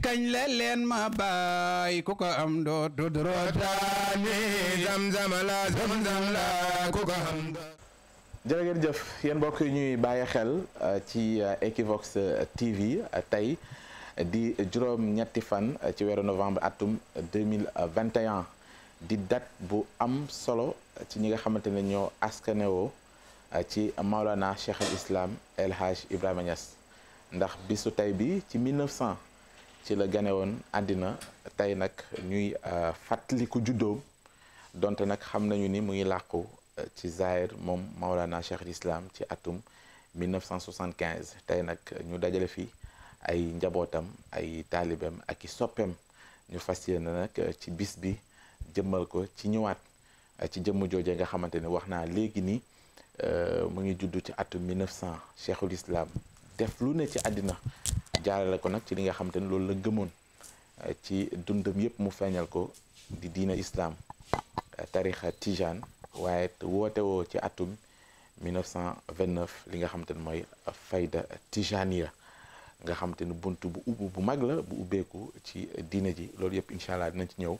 kañ la leen ma baay ku ko am dootu dootaani zamzam la zamzam la ku ko am jërë ngeen jëf yéen mbokk yi ñuy bàyyi xel uh, ci uh, Equivox uh, TV tey di juróom ñetti fan ci weeru novembre atum 2021 di date bu am solo ci ñi nga xamante ne ñoo askanewoo ci Maulana Cheikh al Islam El Hadj Ibrahima Niass ndax bisu tey bi ci 1900 ci la gane woon àddina tey nag ñuy euh, fàttaliku juddoom donte nag xam nañu ni mu ngi làqu euh, ci Zaire moom Maolana Cheikh l'Islam ci atum 1975 tey nag ñu dajale fi ay njabootam ay taalibeem ak i soppeem ñu fas yéene nag euh, ci bis bi jëmmal ko ci ñëwaat ci jëmm jooje nga xamante ni wax naa léegi ni mu ngi judd ci atum 1900 Cheikhul Islam def lu ne ci àddina jaarale ko nag ci li nga xam te ne loolu la gëmoon eh, ci dundam yépp mu feeñal ko di diina islaam eh, tarixa tijaan waaye woote woo ci atum 1929 li nga xam te ne mooy fayda tijaniya nga xam te ne bunt bu ubbu bu mag la bu ubbeeku ci diina ji loolu yépp incha allah dinañ ci ñëw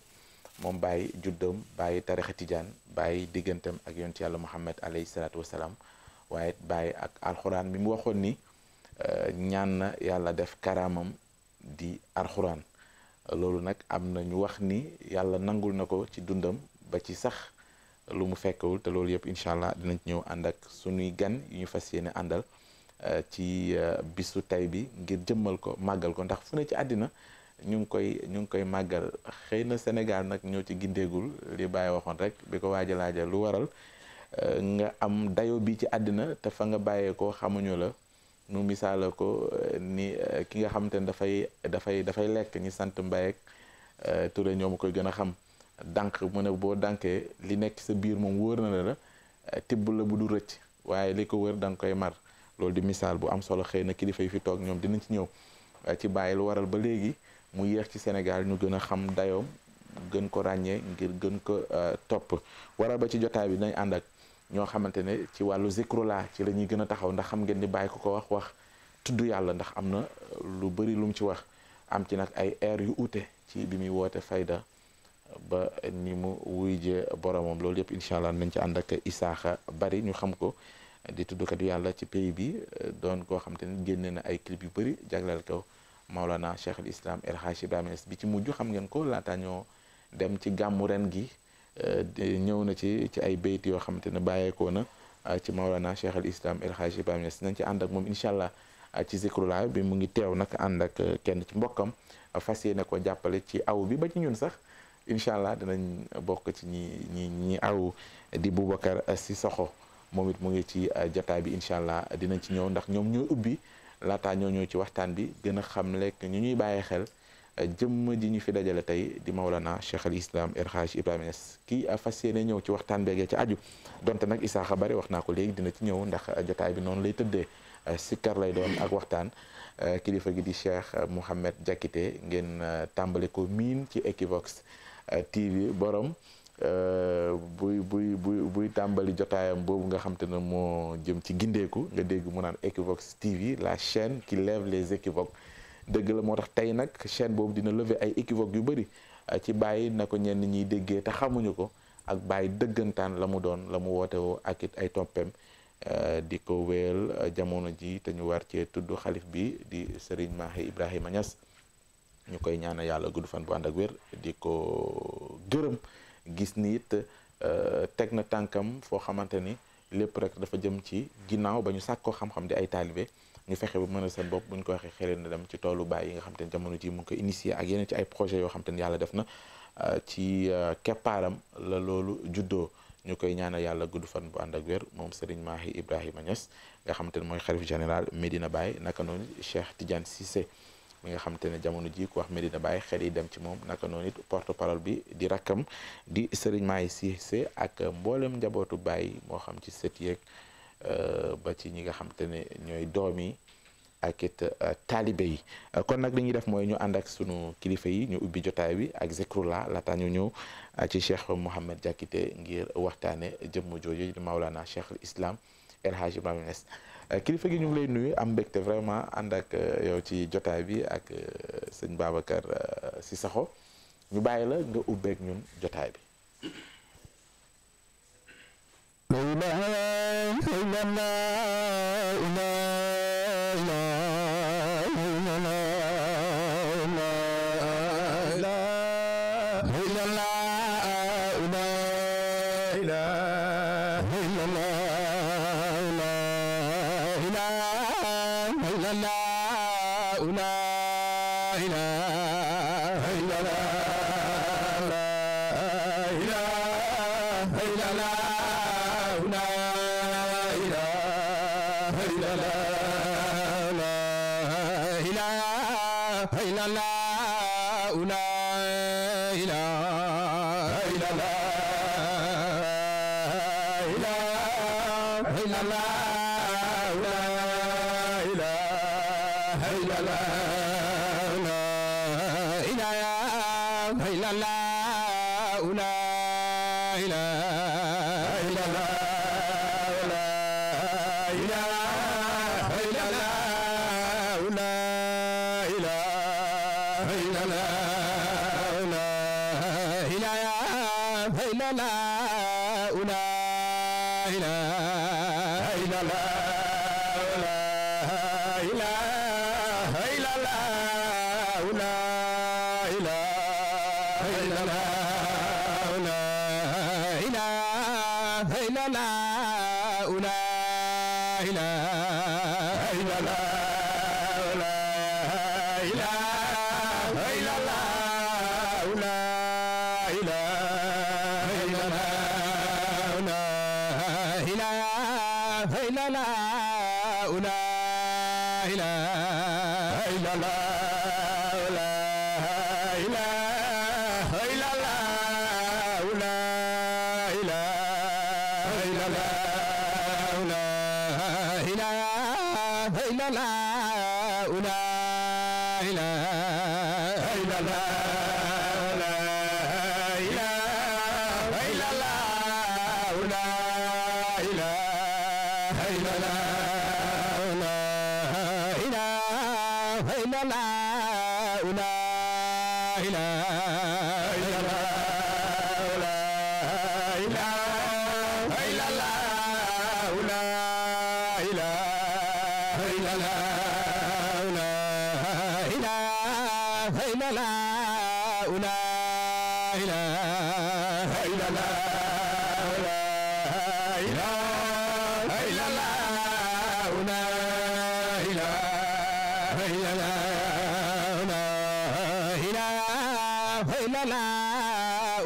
moom bàyyi juddam bàyyi tarixa tijaan bàyyi diggantam ak yonent yàlla muhammad alayhi salaatu wasalaam waaye bàyyi ak alxuraan bi mu waxoon ni Euh, ñaan na yàlla def karaamam di alxuraan loolu nag am na ñu wax ni yàlla nangul na ko ci dundam ba ci sax lu mu fekkewul te loolu yëpp incha allah dinañ ñëw ànd ak suñuy gan yu ñu fas yéene àndal euh, ci euh, bisu tay bi ngir jëmmal ko màggal ko ndax fu ne ci àddina ñu ngi koy ñu ngi koy màggal xëy na Sénégal nag ñoo ci gindeegul li bàyyi waxoon rek bi ko waaja laaja lu waral nga am dayo bi ci àddina te fa nga bàyyee ko xamuñu la nu misaala ko eh, ni eh, ki nga xamante ne dafay dafay dafay lekk ñi sant Mbaye ak eh, Touré ñoo koy gën a xam danq mu boo dànkee li nekk sa biir moom wóor na la tibb la bu du rëcc waaye li ko wër da koy mar loolu di misaal bu am solo xëy na kilifa yi fi toog ñoom dinañ ci ñëw ci bàyyi lu waral ba léegi mu yéex ci Sénégal ñu gën a xam dayoom gën ko ràññee ngir gën ko topp waral ba ci jotaay bi dinañ ànd ak. ñoo xamante ne ci wàllu zikrullah ci la ñuy gën a taxaw ndax xam ngeen ni bàyyi ko ko wax wax tudd yàlla ndax am na euh, lu bëri lu ci wax am ci nag ay air yu uute ci bi muy woote fayda ba ni mu wuy jee boromam loolu yëpp incha allah nañ ci ànd ak isaaxa bari ñu xam ko di tuddkat yu yàlla ci pays bi euh, doon koo xam te ne na ay clip yu bëri jagleel ko Maulana Cheikh al Islam El Hadj Ibrahima bi ci mujj xam ngeen ko laata ñoo dem ci gàmmu ren gi. Euh, ñëw na ci ci ay bayt yoo xamante ne bàyyeekoo na euh, ci Maolana Cheikh al Islam El Hadj Ibrahima Niass nañ ci ànd ak moom incha allah euh, ci zikrullah bi mu ngi teew nag àndak ak kenn ci mbokkam fas yéene ko jàppale ci aw bi ba ci ñun sax incha allah dinañ bokk ci ñi ñi ñi aw di Boubacar Sissokho moom it mu ngi ci jataa bi incha allah dinañ ci ñëw ndax ñoom ñoo ubbi laataa ñoo ñëw ci waxtaan bi gën a xam lekk ñu ñuy bàyyi xel. jëmm ji ñu fi dajale tey di Maulana Cheikh al Islam El Hadj Ibrahima Niass kii fas yéene ñëw ci waxtaan beegee ci aju donte nag Issa Xabari wax naa ko léegi dina ci ñëw ndax jotaay bi noonu lay tëddee sikkar lay doon ak waxtaan kilifa gi di Cheikh Mouhamed jakite ngeen euh, tàmbali ko miin ci Equivox euh, TV borom euh, buy buy buy buy tàmbali jotaayam boobu nga xam te ne moo jëm ci gindeeku nga dégg mu naan Equivox TV la chaîne qui lève les équivoques dëgg la moo tax tey nag chaîne boobu dina lever ay équivoque yu bëri euh, ci bàyyi na ko ñenn ñiy déggee te xamuñu ko ak bàyyi dëggantaan la mu doon la mu woote woo ak it ay toppem euh, di ko wéyal euh, jamono ji te ñu war ci tudd xalif bi di Serigne Mahi Ibrahima ñas ñu koy ñaana yàlla gudd fan bu ànd ak wér di ko gërëm gis ni it teg na tànkam foo xamante ni lépp rek dafa jëm ci ginnaaw ba ñu sàkkoo xam-xam di ay taalibe ñu fexe ba mën a seen bopp buñ ko waxee xëy na dem ci toolu baay yi nga xam te ne jamono ji mu ngi ko initier ak yeneen ci ay projet na euh, ci euh, keppaaram la loolu juddoo ñu koy ñaana yàlla gudd fan bu ànd ak wér moom Serigne Mahi Ibrahima Niass nga xam te ne mooy xalif général Medina Baye naka noonu Cheikh Tidiane Cissé mi nga xam te ne jamono ji ku wax Medina Baye xel yi dem ci moom naka noonu it porte parole bi di rakkam di Serigne Mahi Cissé ak mboolem njabootu Baye moo xam ci sët yeeg Euh, ba ci ñi nga xam te ne ñooy doom yi ak it euh, taalibe yi euh, kon nag li ñuy def mooy ñu ànd ak sunu kilifa yi ñu ubbi jotaay bi ak zikrullah laata ñu ñëw ci cheikh Mouhamed Diakité ngir waxtaane jëmm jooju di Maulana cheikh islam El Hadj Ibrahima kilifa gi ñu ngi lay nuyu am mbégte vraiment ànd ak yow ci jotaay bi ak sëñ Babacar Sissakho ñu bàyyi la nga ubbeek ñun jotaay bi. لا إله إلا الله لا إله إلا الله لا إلا الله لا إله إلا الله لا إله إلا الله لا إله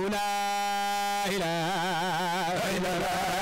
لا إله إلا الله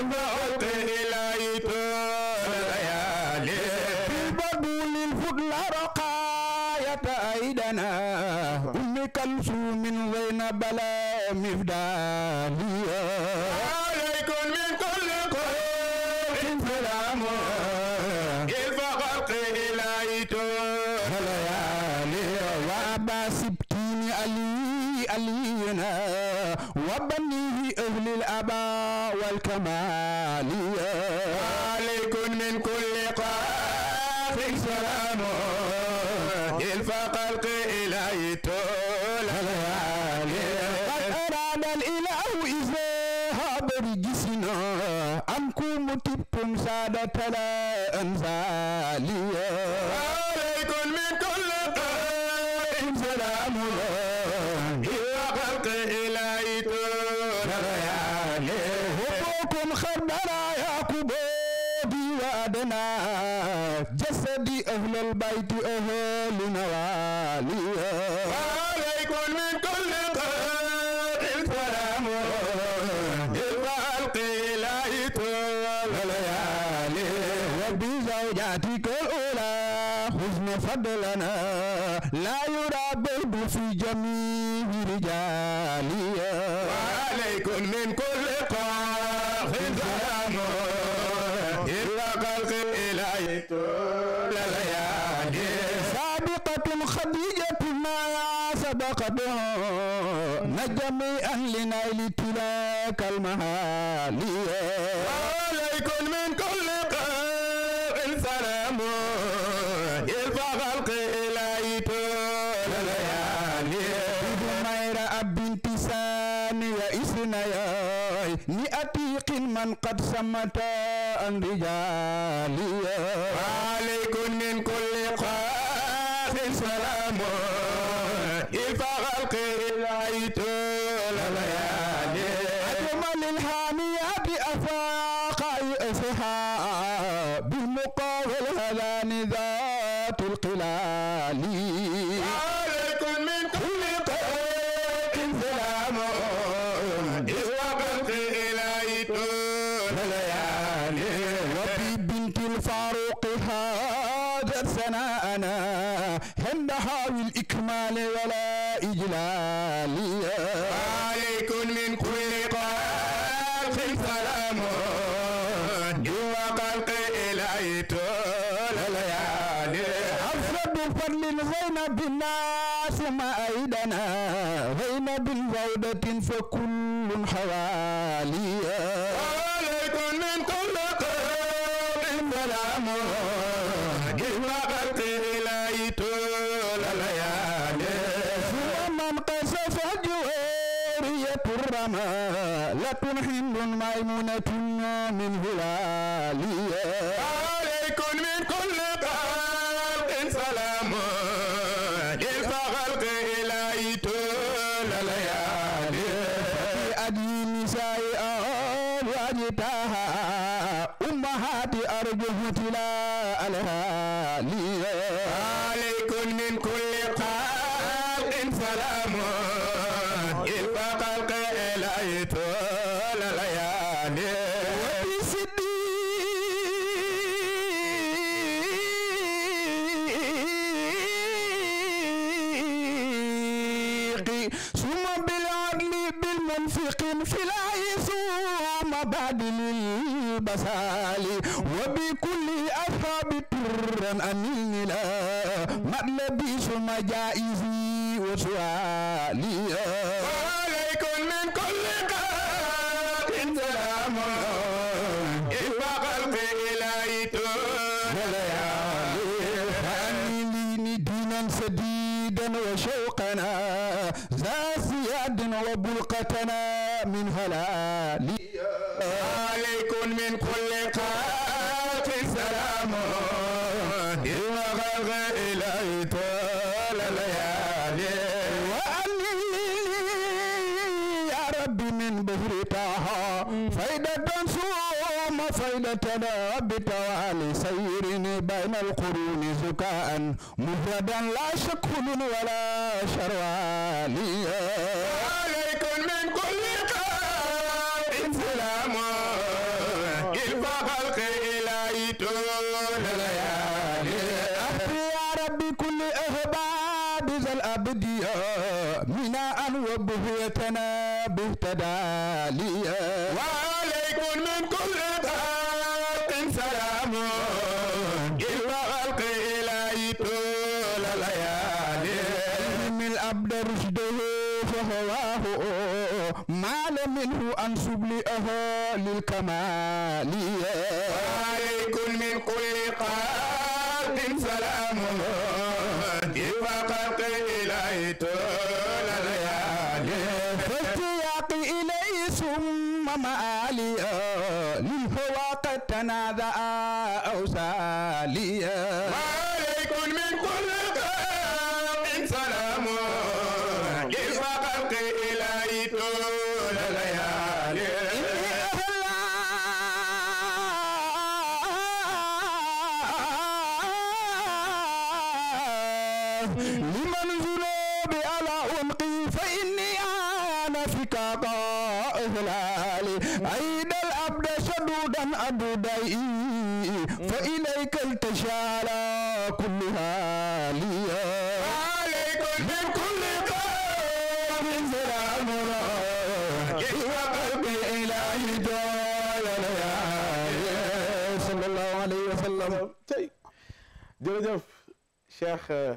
امرأة إلهي طال ليالي بالبدول الفضل رقاية أيدنا أم كلثوم زينب بلاد ثمة الرجال ذوي الإكمال ولا إجلال عليك من كل قلب سلام وقلق إليه طول الليالي أفرد بفضل زينب الناس ما أيدنا زينب زوجة فكل عبد رشده فهواه ما لم منه أن سبلئه للكمال Cheikh euh,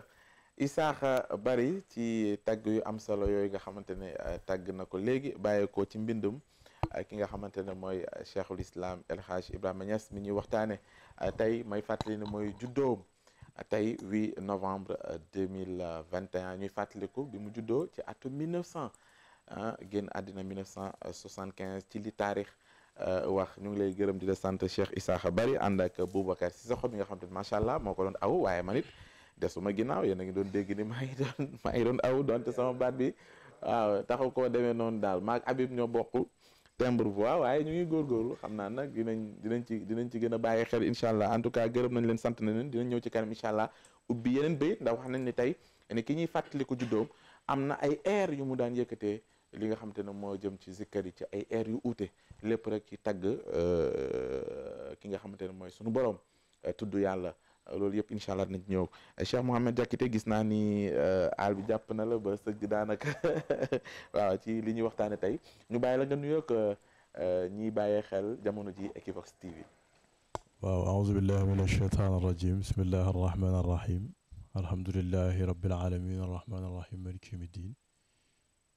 Isaaxa euh, Bari ci tagg yu am solo yooyu nga xamante ne euh, tagg na ko léegi bàyyeekoo ci mbindum ki nga xamante ne mooy Cheikhul Islam El Hadj mi ñuy waxtaane tey may ne mooy juddoom tey 8 novembre 2021 ñuy fàttaliku bi mu juddoo ci atum 1900 ah génn àddina 1975 ci li taarix wax ñu ngi lay gërëm di la sant Cheikh Isaaxa Bari ànd ak Boubacar Cissokho mi nga xam ne macha allah moo ko doon aw waaye man desuma ginnaaw yéen a ngi doon dégg ni maa ngi doon maa ngi doon aw donte sama baat bi waaw taxaw koo demee noonu daal maak Habib ñoo bokk timbre voix waaye ñu ngi góorgóorlu xam naa nag dinañ dinañ ci dinañ ci gën a bàyyi xel incha allah en tout cas gërëm nañ leen sant nañ leen dinañ ñëw ci kanam incha allah ubbi yeneen bayit ndax wax nañ ni tey ne ki ñuy fàttali ko juddoom am na ay air yu mu daan yëkkatee li nga xam te ne moo jëm ci zikkar yi ci ay air yu uute lépp rek ci tagg euh, ki nga xamante ne mooy suñu borom tudd yàlla loolu yëpp incha allah dinañ ñëw Cheikh Mouhamed Diakité gis naa ni euh, aal bi jàpp na la ba sëgg daanaka ci li ñuy waxtaane tey ñu bàyyi la nga nuyoog euh, ñiy bàyyee xel jamono ji Equivox TV. waaw aouzu billahi min alcheytaan arrajim bismillahi arrahman arrahim alhamdulilahi rabbil alamin arrahman arrahim maliki yawmi ddin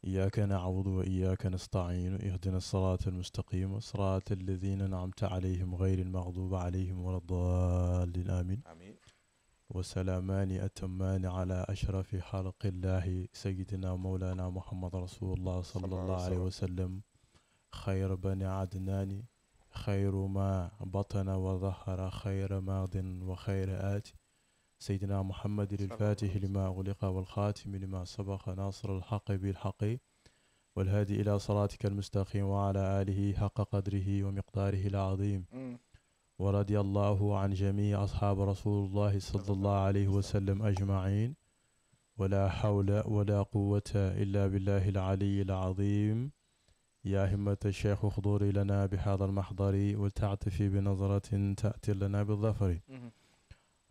إياك نعبد وإياك نستعين اهدنا الصراط المستقيم صراط الذين أنعمت عليهم غير المغضوب عليهم ولا الضالين آمين وسلامان أتمان على أشرف خلق الله سيدنا مولانا محمد رسول الله صلى الله عليه وسلم خير بني عدنان خير ما بطن وظهر خير ماض وخير آتي سيدنا محمد الفاتح لما أغلق والخاتم لما سبق ناصر الحق بالحق والهادي إلى صراطك المستقيم وعلى آله حق قدره ومقداره العظيم ورضي الله عن جميع أصحاب رسول الله صلى الله عليه وسلم أجمعين ولا حول ولا قوة إلا بالله العلي العظيم يا همة الشيخ خضوري لنا بهذا المحضر ولتعتفي بنظرة تأتي لنا بالظفر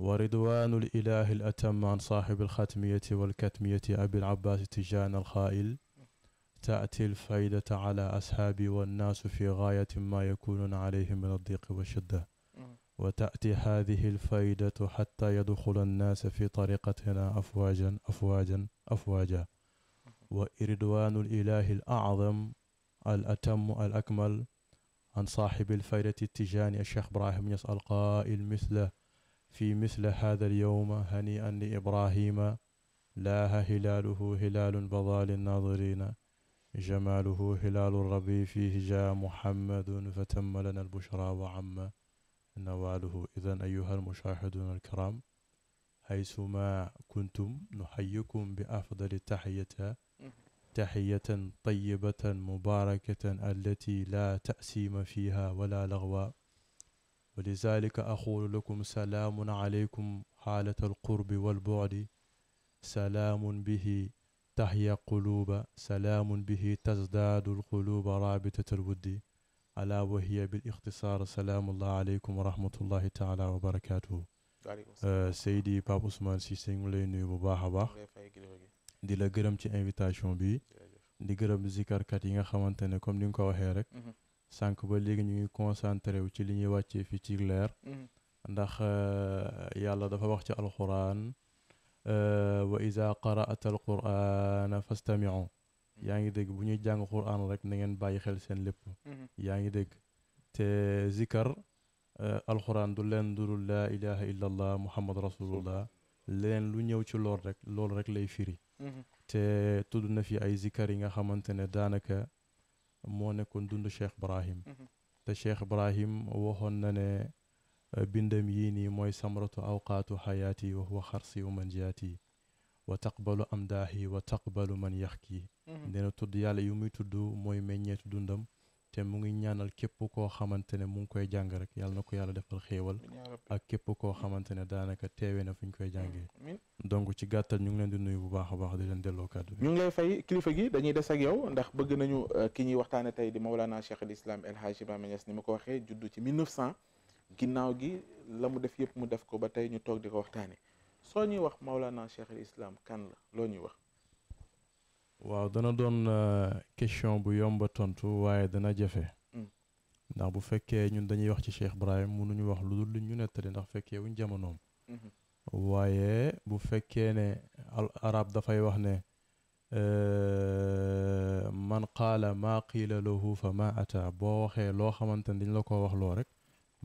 wa ridwanul ilahi l atam an saaxibi alxatmiyati walkatmiyati abil abbaas tijaan alxaail taati lfaydata ala ashaabi wannaasu fi gaayati ma yakunuuna alayhi min addiqi washidda wa taati haadihi lfaydatu xataa yadxula annaasa fi tariqatina afwaajan afwaajan afwaaja wa ridwanul ilahi l acdam al atam al akmal an saaxibi lfaydati tijaani alcheikh ibrahim ñas alqaail mislah في مثل هذا اليوم هنيئا لإبراهيم لاها هلاله هلال بضال الناظرين جماله هلال الربيع فيه جاء محمد فتم لنا البشرى وعم نواله إذا أيها المشاهدون الكرام حيثما كنتم نحييكم بأفضل تحية تحية طيبة مباركة التي لا تأسيم فيها ولا لغو ولذلك أقول لكم سلام عليكم حالة القرب والبعد سلام به تحيا قلوب سلام به تزداد القلوب رابطة الود ألا وهي بالاختصار سلام الله عليكم ورحمة الله تعالى وبركاته Seydi Pape Ousmane Cissé ñu lay nuyu bu baax a baax di la gërëm ci invitation bi di gërëm zikarkat yi nga xamante ne comme ni nga ko waxee rek sànq ba léegi ñu ngi concentré wu ci li ñuy wàccee fii ci leer mhm. ndax euh, yàlla dafa wax ci alquran euh, wa iza qaraata alqurana fastamiu yaa ngi dégg bu ñuy jàng quran rek na ngeen bàyyi xel seen lépp mhm. yaa ngi dégg te zikar euh, alquran du leen dudul laa ilaha illa allah muhammad rasulullah leen lu ñëw ci lool rek loolu rek lay firi mhm. te tudd na fi ay zikar yi nga xamante ne daanaka moo nekkoon dund Cheikh Ibrahim mhm. te Cheikh Ibrahim waxoon na ne euh, bindam yii nii mooy samratu awqaatu xayaati wa huwa xarsi uman jiyaati wa taqbalu amdaahi wa taqbalu man yaxki mhm. nee na tudd yàlla yu muy tudd mooy meññeetu dundam te mu ngi ñaanal képp koo xamante ne mu ngi koy jàng rek yàlla na ko yàlla defal xéewal ak képp koo xamante ne daanaka teewee na fu ñu koy jàngee donc ci gàttal ñu ngi leen di nuyu bu baax a baax di leen delloo kàddu ñu ngi lay fay kilifa gi dañuy des ak yow ndax bëgg nañu euh, ki ñuy waxtaane tey di Mawlana Cheikh al Islam El Hadj Ibrahima Niass ni ma ko waxee juddu ci 1900 ginnaaw gi la mu def yëpp mu def ko ba tey ñu toog di ko waxtaane soo ñuy wax Mawlana Cheikh al kan la loo ñuy wax waaw dana doon euh, question bu yomba tontu waaye dana jafe. Mm. ndax bu fekkee ñun dañuy wax ci Cheikh Ibrahim mënuñu wax lu dul ñu nettali ndax fekkee wuñ jamonoom. Mm-hmm. waaye bu fekkee ne al arab dafay wax ne euh, man qaala ma qiila lahu fa maa ata boo waxee loo xamante ne dañ la ko wax loo rek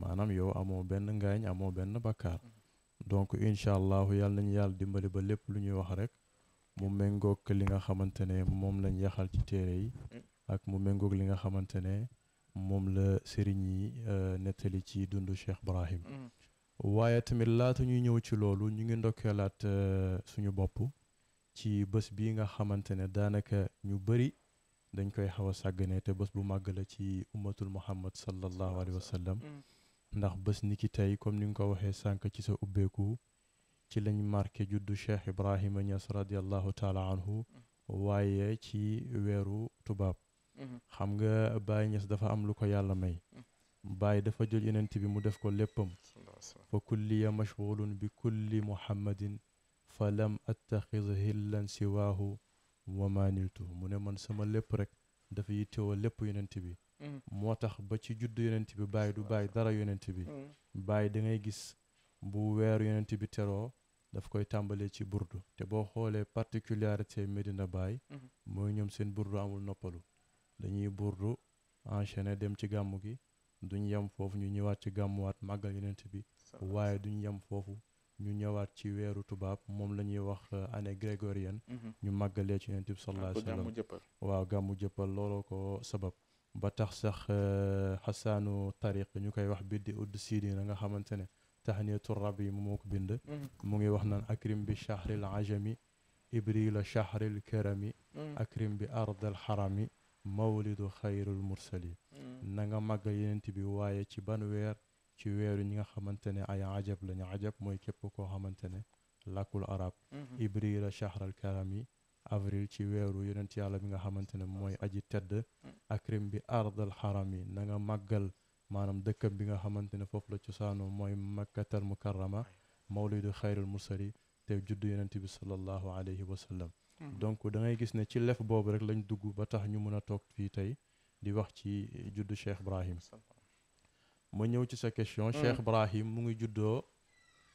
maanaam yow amoo benn ngaañ amoo benn bakkaar mm-hmm. donc incha allahu yàlla nañu yàlla dimbali ba lépp lu ñuy wax rek mu méngoog li nga xamante ne moom lañ yaxal ci téere yi ak mu méngoog li nga xamante ne moom la sëriñ yi euh, nettali ci dundu Cheikh Ibrahim mm-hmm. waaye tamit laata ñuy ñëw ci loolu ñu ngi ndokkeelaat euh, suñu bopp ci bés bii nga xamante ne daanaka ñu bëri dañ koy xaw a sàggane te bés bu màgg la ci ummatul muhammad sallallahu alayhi wa sallam mm-hmm. ndax bés nit ki tey comme ni nga ko waxee sànq ci sa ubbeeku ci lañ marqué juddu Cheikh Ibrahima Niass radiallahu taala anhu waaye ci weeru tubaab mhm. xam nga Baye Niass dafa am lu ko yàlla may mhm. baay dafa jël yonent bi mu def ko léppam fa kulliya mashghulun bi kulli muhammadin fa lam attaxid hillan siwaahu wa maaniltuhu mu ne man sama lépp rek dafa yittewoo lépp yonent bi mhm. moo tax ba ci juddu yonent bi Baye du Baye dara yonent bi Baye da gis bu weeru yonent bi teroo daf koy tàmbalee ci burdu te boo xoolee particularité médina Baye mhm. mooy ñoom seen burdu amul noppalu dañuy burdu enchaîné dem ci gàmm gi duñ yem foofu ñu ñëwaat ci gàmmuwaat màggal yonent bi waaye duñ yem foofu ñu ñëwaat ci weeru tubaab moom la ñuy wax euh, année grégorienne mhm. ñu màggalee ci yonent bi sallallahu waaw gàmmu jëppal looloo ko sabab ba tax sax xasaanu euh, tariq ñu koy wax biddi udd siidina nga xamante ne taxniyatu rab yi moo ko bind mm-hmm. mu ngi wax naan akrim bi chahril ajami ibrila chahril karami mm-hmm. akrim bi ardal xarami mawlidu xayrul mursali mm-hmm. na nga màggal yenent bi waaye ci ban weer ci weer ñi nga xamante ne ay ajab lañu ajab mooy képp koo xamante ne làkkul a ibrila chahral karami avril ci weeru yonent yàlla bi nga xamante ne mooy aji tedd akrim bi ardal xarami na nga màggal maanaam dëkkam bi nga xamante ne foofu la cosaanoo mooy makkatal mukarrama mawlidu xayrul mursali te judd yonent bi sallallahu alayhi wa sallam hmm. donc da gis ne ci lef boobu rek lañu dugg ba tax ñu mën a toog fii tey di wax ci juddu Cheikh Ibrahim ma ñëw ci sa question hmm. Cheikh Ibrahim mu ngi juddoo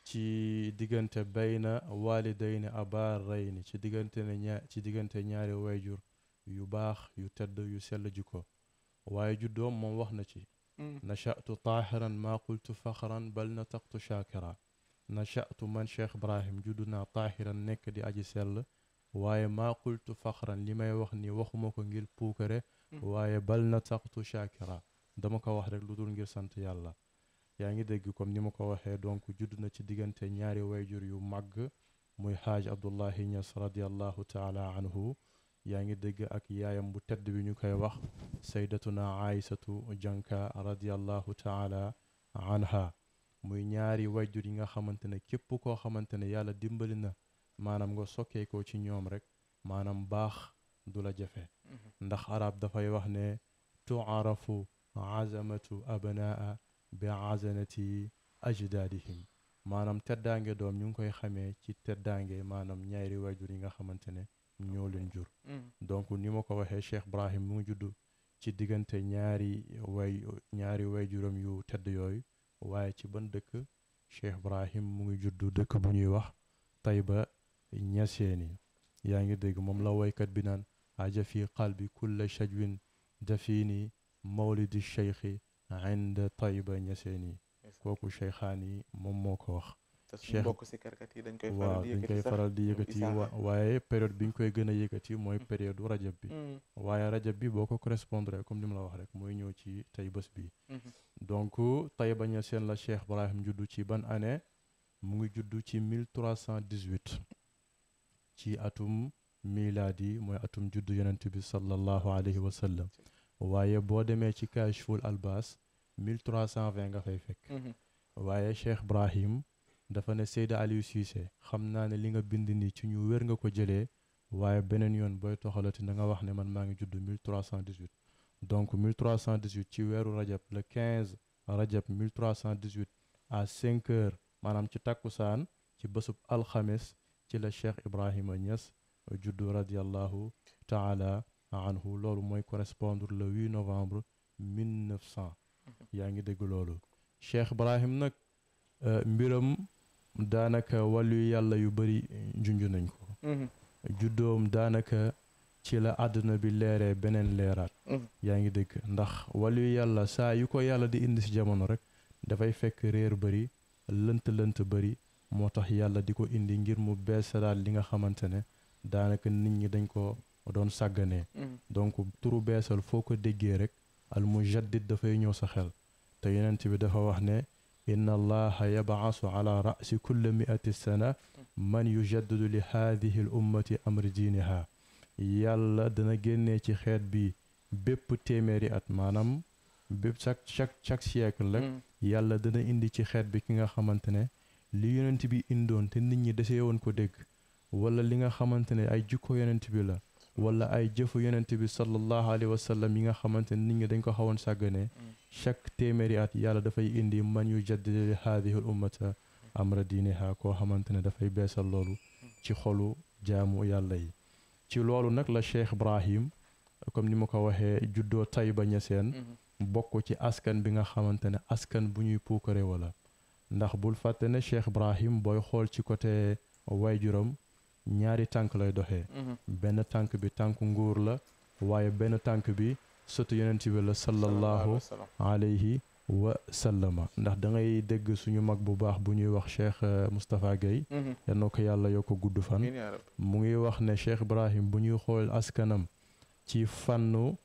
ci diggante bayna walidayni abarayni ci diggante ne ci diggante ñaari wayjur yu baax yu tedd yu sell ji ko waaye juddoo moom wax na ci nachatu taahiran maa qultu faxran bal nataqtu shaakira nachatu man cheikh ibrahim juddu naa taahiran nekk di aji sell waaye maa qultu faxran li may wax ni waxuma ko ngir puukare waaye bal nataqtu shaakira dama ko wax rek lu dul ngir sant yàlla yaa ngi dégg comme ni ma ko waxee donc judd na ci diggante ñaari jur yu màgg muy xaaj abdullahi ñas radiallahu taala anhu yaa ngi dégg ak yaayam bu tedd bi ñu koy wax saydatuna aïsatu janka radiallahu taala anha muy ñaari wayjur yi nga xamante ne képp koo xamante ne yàlla dimbali na maanaam nga sokkeekoo ci ñoom rek maanaam baax du la jafe mm-hmm. ndax arab dafay wax ne tuarafu azamatu abnaa bi azanati ajdaadihim maanaam teddaange doom ñu ngi koy xamee ci teddaange maanaam ñaari wayjur yi nga xamante ne ñoo leen jur mm. donc ni ma ko waxee Cheikh Ibrahim mu ngi judd ci diggante ñaari way ñaari way juróom yu tedd yooyu waaye ci ban dëkk Cheikh Ibrahim mu ngi juddu dëkk bu ñuy wax Tayba Ñaseeni yaa ngi dégg moom la waykat bi naan aja fi qalbi kulla shajwin dafini mawlidi cheikhi inda Tayba Ñaseeni kooku cheikhaani moom moo ko wax te suñu mbokk si dañ koy faral di yëkkati waaw dañ waaye période bi ñu koy gën a mooy mm. période rajab bi mm. waaye rajab bi boo ko correspondre comme ni ma la wax rek mooy ñëw ci tey bés bi mm-hmm. donc tey bañ a seen la Cheikh Ibrahim juddu ci ban année mu ngi juddu ci 1318 ci atum milaadi mooy atum juddu yonent bi sallallahu alayhi wa sallam waaye boo demee ci Kashful Albas 1320 nga fay fekk mm-hmm. waaye Cheikh Ibrahim dafa ne Seyda Aliou Cissé xam naa ne li nga bind nii ci ñu wér nga ko jëlee waaye beneen yoon booy toxalati na nga wax ne man maa ngi judd 1318 donc 1318 ci weeru rajab le 15 rajab 1318 à 5 heures maanaam ci takkusaan ci bésub alxames ci la Cheikh Ibrahima Niass juddu radiallahu taala anhu loolu mooy correspondre le 8 novembre 1900 mhm. yaa ngi dégg loolu Cheikh Ibrahim nag euh, mbiram daanaka wàllu yàlla yu bëri junj nañ ko mm-hmm. juddoom daanaka ci la àdduna bi leeree beneen leeraat mm-hmm. yaa ngi dégg ndax wàllu yàlla saa yu ko yàlla di indi si jamono rek dafay fekk réer bëri lënt lënt bëri moo tax yàlla di ko indi ngir mu beesalaat li nga xamante ne daanaka nit ñi dañ ko doon sàgganee mm-hmm. donc turu beesal foo ko déggee rek al mujaddid dafay ñëw sa xel te yonent bi dafa wax ne inna allaha yabaasu ala rasi kulle miati sana man yujaddadu li haadihi l am amri diiniha yàlla dana génnee ci xeet bi bépp téeméeri at maanaam bépp chaque chaque chaque siècle yàlla dana indi ci xeet bi ki nga xamante ne li yonent bi indoon te nit ñi desee woon ko dégg wala li nga xamante ne ay jikko yonent bi la wala ay jëfu yonent bi sallallahu alayhi wa sallam yi nga xamante nit ñi dañ ko xawoon sàggane mm. chaque téeméeri at yàlla dafay indi man yu jaddid haadihi l ummata amra diiniha koo xamante ne dafay beesal loolu ci xolu jaamu yàlla yi ci loolu nag la Cheikh Ibrahim comme ni ma ko waxee juddoo Tayba Ñaseen mm-hmm. bokk ci askan bi nga xamante ne askan bu ñuy puukare wala ndax bul fàtte ne Cheikh Ibrahim booy xool ci côté wayjuram ñaari tànk lay doxee mhm. benn tànk bi tànk nguur la waaye benn tànk bi sotu yonent bi la sallallahu alayhi wa ndax dangay dégg suñu mag bu baax bu ñuy wax cheikh euh, Moustapha Guèye mhm. yal na yàlla yoo ko gudd fan mu ngi wax ne cheikh Ibrahim bu ñuy xool askanam ci fànnu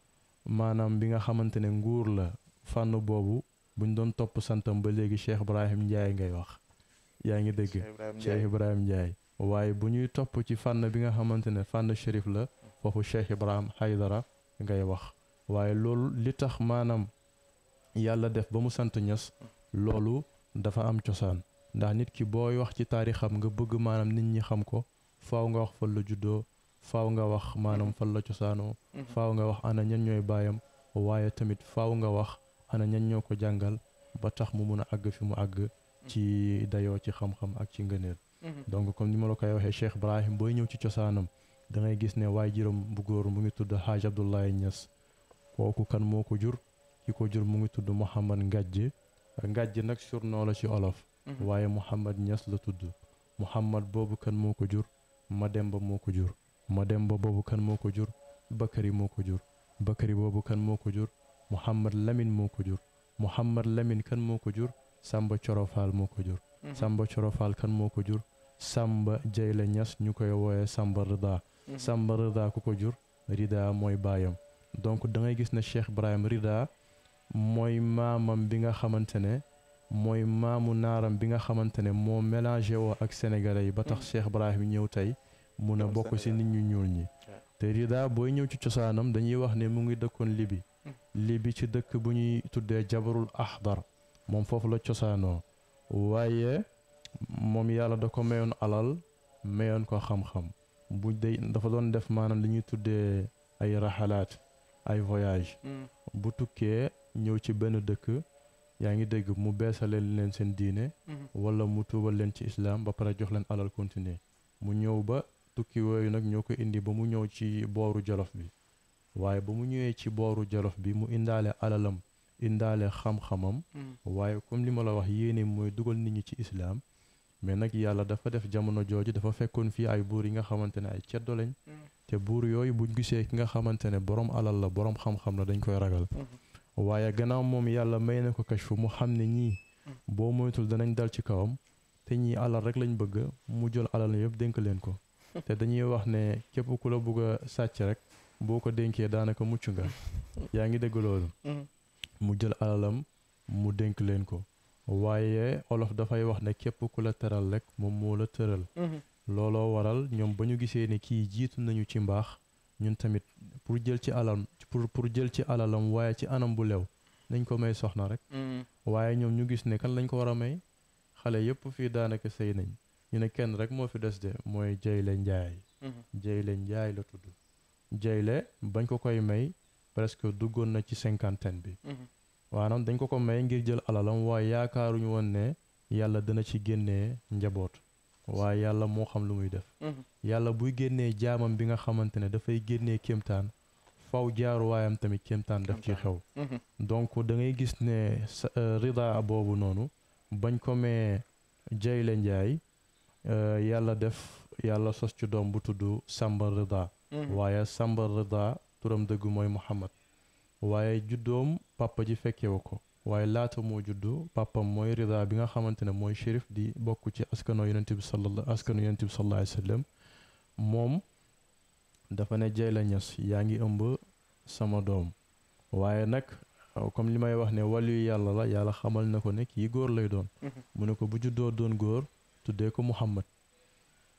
maanaam bi nga xamante ne nguur la fànn boobu buñ doon topp santam ba léegi cheikh Ibrahim Ndiaye ngay wax yaa ngi dégg cheikh Ibrahim Ndiaye waaye bu ñuy topp ci fànn bi nga xamante ne fànn shérif la foofu Cheikh Ibrahim Haydara ngay wax waaye loolu li tax maanaam yàlla def ba mu sant ñas loolu dafa am cosaan ndax nit ki booy wax ci taarixam nga bëgg maanaam nit ñi xam ko faaw nga wax fan la juddoo faaw nga wax maanaam fan la cosaanoo faaw nga wax ana ñan ñooy baayam waaye tamit faaw nga wax ana ñan ñoo ko jàngal ba tax mu mun a àgg fi mu àgg ci dayoo ci xam-xam ak ci ngëneel Mhm. donc comme ni ma la koy waxee Cheikh Ibrahim booy ñëw ci cosaanam da ngay gis ne waajuram bu góor mu ngi tudd Haaj Abdoulaye ñas kooku kan moo ko jur ki ko jur mu ngi tudd Mouhamad Ngajje Ngajje nag surnoo la ci olof mhm. waaye Mouhamad ñas la tudd Mouhamad boobu kan moo ko jur Mademba moo ko jur Mademba boobu kan moo ko jur Bakari moo ko jur Bakari boobu kan moo ko jur Mouhamad Lamine moo ko jur Mouhamad Lamine kan moo ko jur sàmba Corofaal moo ko jur Mhm. Samba Coro kan moo ko jur sàmba Jeyla Ñas ñu koy wooyee Samba Rida mhm. Samba Rida ku ko jur Rida mooy baayam donc da gis ne Cheikh Ibrahim Rida mooy maamam bi nga xamante ne mooy maamu naaram bi nga xamante ne moo mélangé woo ak sénégalais yi ba tax mhm. Cheikh Ibrahim ñëw tey mu a bokk ci nit ñu ñuul ñi te Rida booy ñëw ci cosaanam dañuy wax ne mu ngi dëkkoon Libi Libi ci dëkk bu ñuy tuddee Jabarul Ahdar moom foofu la cosaanoo waaye moom yàlla da ko mayoon alal mayoon ko xam-xam bu day dafa doon def maanaam li ñuy tuddee ay raxalaat ay voyage mm. bu tukkee ñëw ci benn dëkk yaa ngi dégg mu beesaleel leen seen diine mm-hmm. wala mu tuubal leen ci islaam ba pare jox leen alal continuer mu ñëw ba tukki yooyu nag ñoo ko indi ba mu ñëw ci booru jolof bi waaye ba mu ñëwee ci booru jolof bi mu indaale alalam indaale xam-xamam mm. waaye comme li ma la wax yéene mooy dugal nit ñi ci islaam mais nag yàlla dafa def jamono jooju dafa fekkoon fii ay buur yi nga xamante ne ay ceddo lañ mm. te buur yooyu buñ gisee ki nga xamante ne borom alal la borom xam-xam la dañ koy ragal mm-hmm. waaye gannaaw moom yàlla may na ko kashfu mu xam ne ñii mm. boo moytul danañ dal ci kawam te ñii alal rek lañ bëgg mu jël alal yëpp dénk leen ko te dañuy wax ne képp ku la bëgg sàcc rek boo ko dénkee daanaka mucc nga ngi dégg mu jël alalam mu dénk leen ko waaye olof dafay wax ne képp ku la teral rek moom moo la tëral mhm. looloo waral ñoom ba ñu gisee ni kii jiitu nañu ci mbaax ñun tamit pour jël ci alam pour pour jël ci alalam waaye ci anam bu lew nañ ko may soxna rek mhm. waaye ñoom ñu gis ne kan lañ ko war a may xale yëpp fii daanaka sëy nañ ñu ne kenn rek moo fi des de mooy Jayle Njaay mhm. Jayle Njaay la tudd Jayle bañ ko koy may presque duggoon na ci cinquantaine bi maanaam mhm. dañ ko ko may ngir jël alalam waa yaakaaruñu woon ne yàlla dana ci génnee njaboot waaye yàlla moo xam lu muy def mhm. yàlla buy génnee jaamam bi nga xamante ne dafay génnee kéemtaan faw jaaruwaayam tamit kéemtaan def ci xew mhm. donc dangay gis ne euh, rida boobu noonu bañ ko mee Jayle Njaay euh, yàlla def yàlla sos ci doom bu tudd Samba Rida waaye Samba Rida turam dëgg mooy Muhammad waaye juddoom papa ji fekkewu ko waaye laata moo juddu papam mooy rida bi nga xamante ne mooy shérif di bokk ci askano yonente bi sala askano yonente bi sallallahu alayhi wa sallam moom dafa ne jay la ñas yaa ngi ëmb sama doom waaye nag comme li may wax ne wàllu yàlla la yàlla xamal na ko ne kii góor lay doon mm-hmm. ne ko bu juddoo doon góor tuddee ko Muhammad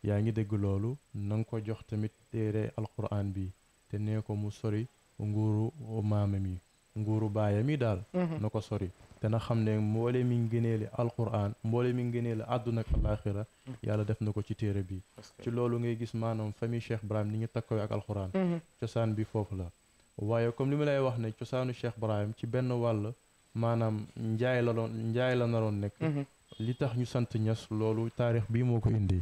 yaa ngi dégg loolu na ko jox tamit téere alquran bi te nee ko mu sori nguuru maamam yi nguuru baayam yi daal mhm. na ko sori te na xam ne mboole mi ngëneeli alquran mboole mi ngëneeli àdduna ak alaxira mhm. yàlla def na ko ci téere bi ci loolu ngay gis maanaam famille Cheikh Ibrahim ni ñu takkawee ak alquran mhm. cosaan bi foofu la waaye comme li mu lay wax ne cosaanu Cheikh Ibrahim ci benn wàll maanaam njaay la doon njaay la naroon nekk li tax ñu sant ñas loolu taarix bii moo ko indi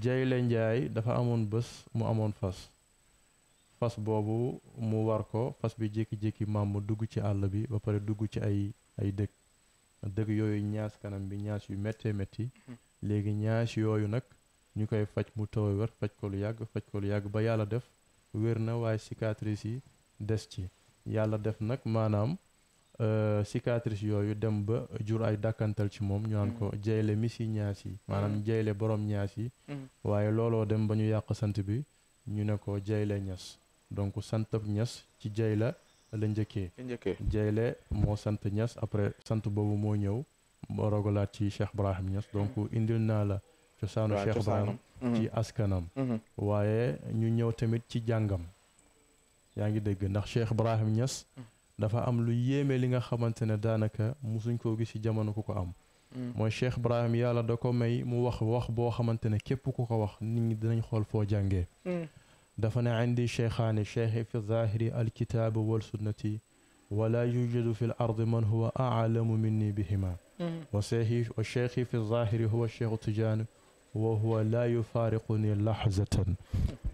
jay la njaay dafa amoon bës mu amoon fas fas boobu mu war ko fas bi jékki-jékki maam mu dugg ci àll bi ba pare dugg ci ay ay dëkk dëkk yooyu ñaas kanam bi ñaas yu méttee métti hmm. léegi ñaas yooyu nag ñu koy faj mu taw wér faj ko lu yàgg faj ko lu yàgg ba yàlla def wér na waaye cicatrices yi des ci yàlla def nag maanaam euh, cicatrices yooyu dem ba jur ay dàkkantal ci moom ñu naan ko hmm. jayle mi si ñaas yi maanaam hmm. jayle borom ñaas yi waaye looloo dem ba ñu yàq sant bi ñu ne ko jayle ñas donc santab ñas ci jayla la njëkkee jayle moo sant ñas après sant boobu moo ñëw rogalaat ci Cheikh Ibrahim Niass mm-hmm. donc indil naa la cosaanu Cheikh Ibrahim ci mm-hmm. askanam mm-hmm. waaye ñu ñëw tamit ci jàngam yaa ngi dégg ndax Cheikh Ibrahim ñas dafa am lu yéeme li nga xamante ne daanaka musuñ koo gis ci jamono ku ko am mooy Cheikh Ibrahim yàlla da ko may mu wax wax boo xamante ne képp ku ko wax nit ñi dinañ xool foo jàngee dafa ne indi cheikhaani cheikhi fi zahiri alkitaabu wal sunnati wala yujadu fi l ardi man huwa aalamu minni bihima mm-hmm. wa cheikhi fi zahiri huwa cheikhu tijaani wa huwa laa yufaariquni lahzatan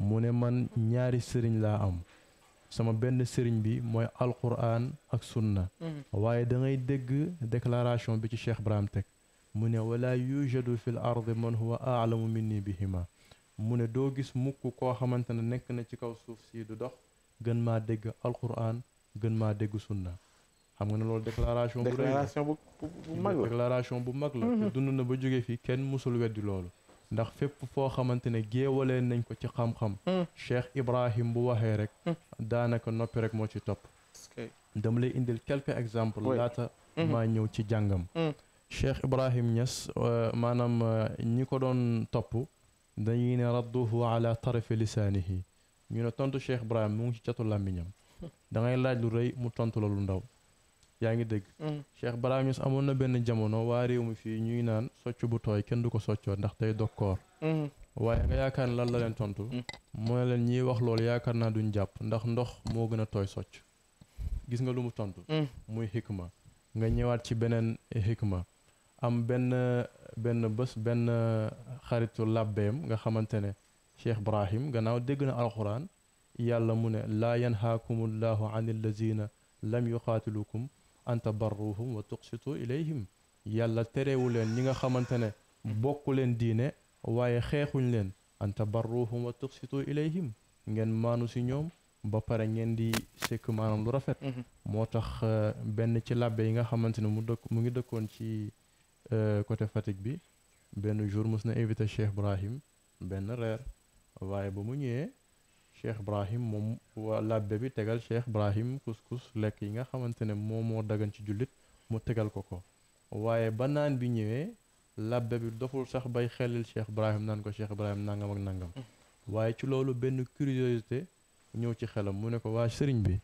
mu ne man ñaari sëriñ laa am sama benn sëriñ bi mooy alquran ak sunna mm-hmm. waaye da ngay dégg bi ci cheikh Ibrahim teg wala yujadu fi l ardi man huwa aalamu minni bihima mu ne doo gis mukk koo xamante ne nekk na ci kaw suuf si du dox gën maa dégg alquran gën maa dégg sunna xam nga ne loolu déclaration bu rëy bu mag la mm-hmm. te dund na ba jóge fii kenn musul weddi loolu ndax fépp foo xamante ne géewalee nañ ko ci xam-xam mm. Cheikh Ibrahim bu waxee rek mm. daanaka noppi rek moo ci topp dama lay indil quelques exemple laata mm-hmm. maa ñëw ci jàngam mm. Cheikh Ibrahim Niass euh, maanaam euh, ñi ko doon topp dañuy ne radduhu ala tarafi lisaanihi ñu ne tontu Cheikh Ibrahim mu ngi ci catu làmmiñam da laaj lu rëy mu tontu la lu ndaw yaa ngi dégg mm. Cheikh Ibrahim Niass amoon na benn jamono waa réew mi fii ñuy naan socc bu tooy kenn du ko soccoo ndax tey dog koor mm. waaye nga yaakaar ne la leen tontu mm. mu ne leen ñiy wax loolu yaakaar naa duñ jàpp ndax ndox moo gën a tooy socc gis nga lu mu tontu muy xikma nga ñëwaat ci beneen xikma am benn benn bës benn xaritu làbbeem nga xamante ne Cheikh Ibrahim gannaaw dégg na alxuraan yàlla mu ne laa yanhaakumullahu an allazina lam yuqaatilukum an tabarruhum wa tuqsitu ilayhim yàlla terewu leen ñi nga xamante ne bokku leen diine waaye xeexuñ leen an tabarruhum wa tuqsitu ilayhim ngeen maanu si ñoom ba pare ngeen di sekk maanaam lu rafet mm-hmm. moo tax eh, benn ci làbbe yi nga xamante ne mu dëkk mu ngi dëkkoon ci Euh, côté Fatick bi benn jour mos na invité Cheikh Ibrahim benn reer waaye ba mu ñëwee Cheikh Ibrahim moom waa labbe bi tegal Cheikh Ibrahim couscous lekk yi nga xamante ne moom moo dagan ci jullit mu tegal ko ko waaye ba naan bi ñëwee labbe bi doful sax bay xelil Cheikh Ibrahim naan ko Cheikh Ibrahim nangam ak nangam mm. waaye ci loolu benn curiosité ñëw ci xelam mu ne ko waa sëriñ bi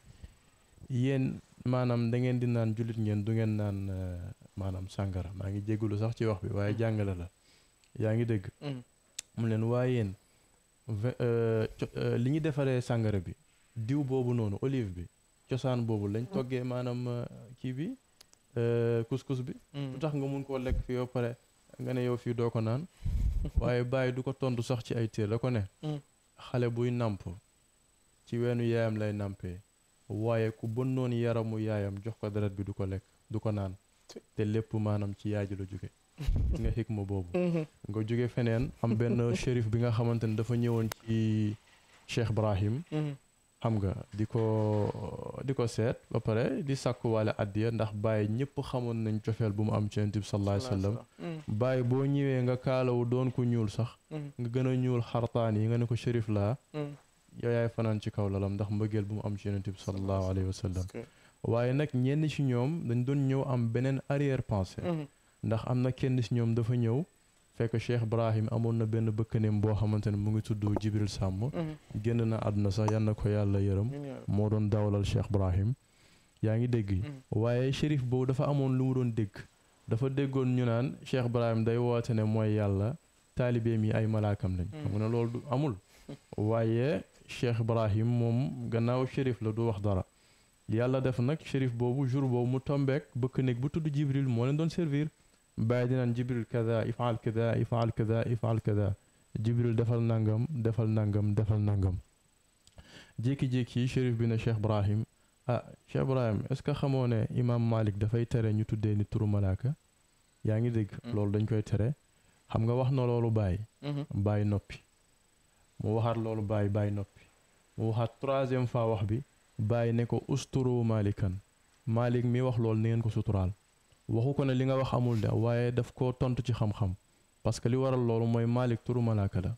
yéen maanaam da ngeen di naan jullit ngeen du ngeen naan euh, maanam sàngara maa ngi jégalu sax ci wax bi waaye mm. jàngale la yaa ngi dégg mm. mu leen waaye yéen euh, euh, li ñu defaree sàngara bi diw boobu noonu olive bi cosaan boobu lañ mm. toggee maanaam euh, kii bi couscous bi lu tax nga mun koo lekk fi yow pare nga ne yow fii doo ko naan waaye bàyyi du ko tontu sax ci ay téer da ko ne xale buy nàmp ci weenu yaayam lay nàmpee waaye ku bon noonu yaramu yaayam jox ko deret bi du ko lekk du ko naan te lépp maanaam ci yaay ji la jóge gis nga xikma boobu mhm. nga jóge feneen am benn shérif bi nga xamante ne dafa ñëwoon ci Cheikh Ibrahim mhm. xam nga di ko di ko seet ba pare di sàkkuwaale addiya ndax bàyyi ñëpp xamoon nañ cofeel bu mu am ci yonent bi sallallahu mhm. boo ñëwee nga kaalawu doon ku ñuul sax nga gën a ñuul xartaan yi nga ne ko shérif laa yow yaay fanaan ci kaw lalam ndax mbëggeel bu mu am ci yonent bi sallallahu alayhi waaye nag ñenn ci ñoom dañ doon ñëw am beneen arrière pensée mhm. ndax am na kenn ci ñoom dafa ñëw fekk Cheikh Ibrahim amoon na benn bëkkaneem boo xamante ne mu ngi tudd Jibril Sàmm mhm. génn na àdduna sax yan na ko yàlla yërëm moo doon dawalal Cheikh Ibrahim yaa ngi dégg mhm. waaye shérif boobu dafa amoon lu mu doon dégg dafa déggoon ñu naan Cheikh Ibrahim day woote ne mooy yàlla taalibeem yi ay malaakam lañ xam ne loolu du amul waaye Cheikh Ibrahim moom gannaaw shérif la du wax dara yàlla def nag shérif boobu jour boobu mu tombeek bëkk néeg bu tudd jibril moo leen doon servir bàyyi dinaan jibril kada ifaal kada ifaal kada ifaal kada jibril defal nangam defal nangam defal nangam jékki-jékki shérif bi ne Cheikh Ibrahim ah Cheikh Ibrahim est-ce que xamoo ne imaam Malik dafay tere ñu tuddee ni turu malaaka yaa ngi dégg mm. loolu dañ koy tere xam nga wax na loolu bàyyi mm-hmm. bàyyi noppi mu waxaat loolu bàyyi bàyyi noppi mu waxaat troisième wax bi bàyyi ne ko usturu malikan malik mi wax loolu ni ngeen ko suturaal waxu ko ne li nga wax amul de waaye daf ko tontu ci xam-xam parce que li waral loolu mooy malik turu malaaka la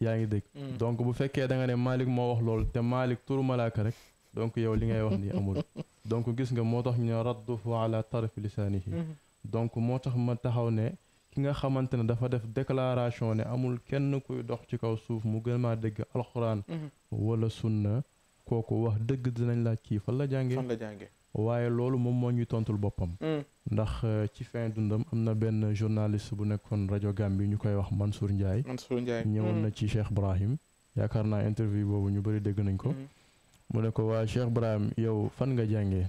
yaa ngi dégg mm. donc bu fekkee da ne malik moo wax loolu te malik turu malaaka rek donc yow li ngay wax ni amul donc gis nga moo tax ñu ne radduhu ala tarfi lisaanihi mm-hmm. donc moo tax ma taxaw ne ki nga xamante ne dafa def déclaration ne amul kenn kuy dox ci kaw suuf mu gën maa dégg alxuraan mm-hmm. wala sunna kooku wax dëgg dinañ laaj kii fan la jànge fan la jànge waaye loolu moom moo ñuy tontul boppam mm. ndax euh, ci fin dundam am na benn journaliste bu nekkoon rajo Gambie ñu koy wax Mansour Ndiaye Mansour Ndiaye ñëwoon mm. na ci Cheikh Ibrahim yaakaar naa interview boobu ñu bëri dégg nañ ko mm-hmm. mu ne ko waa Cheikh Ibrahim yow fan nga jàngee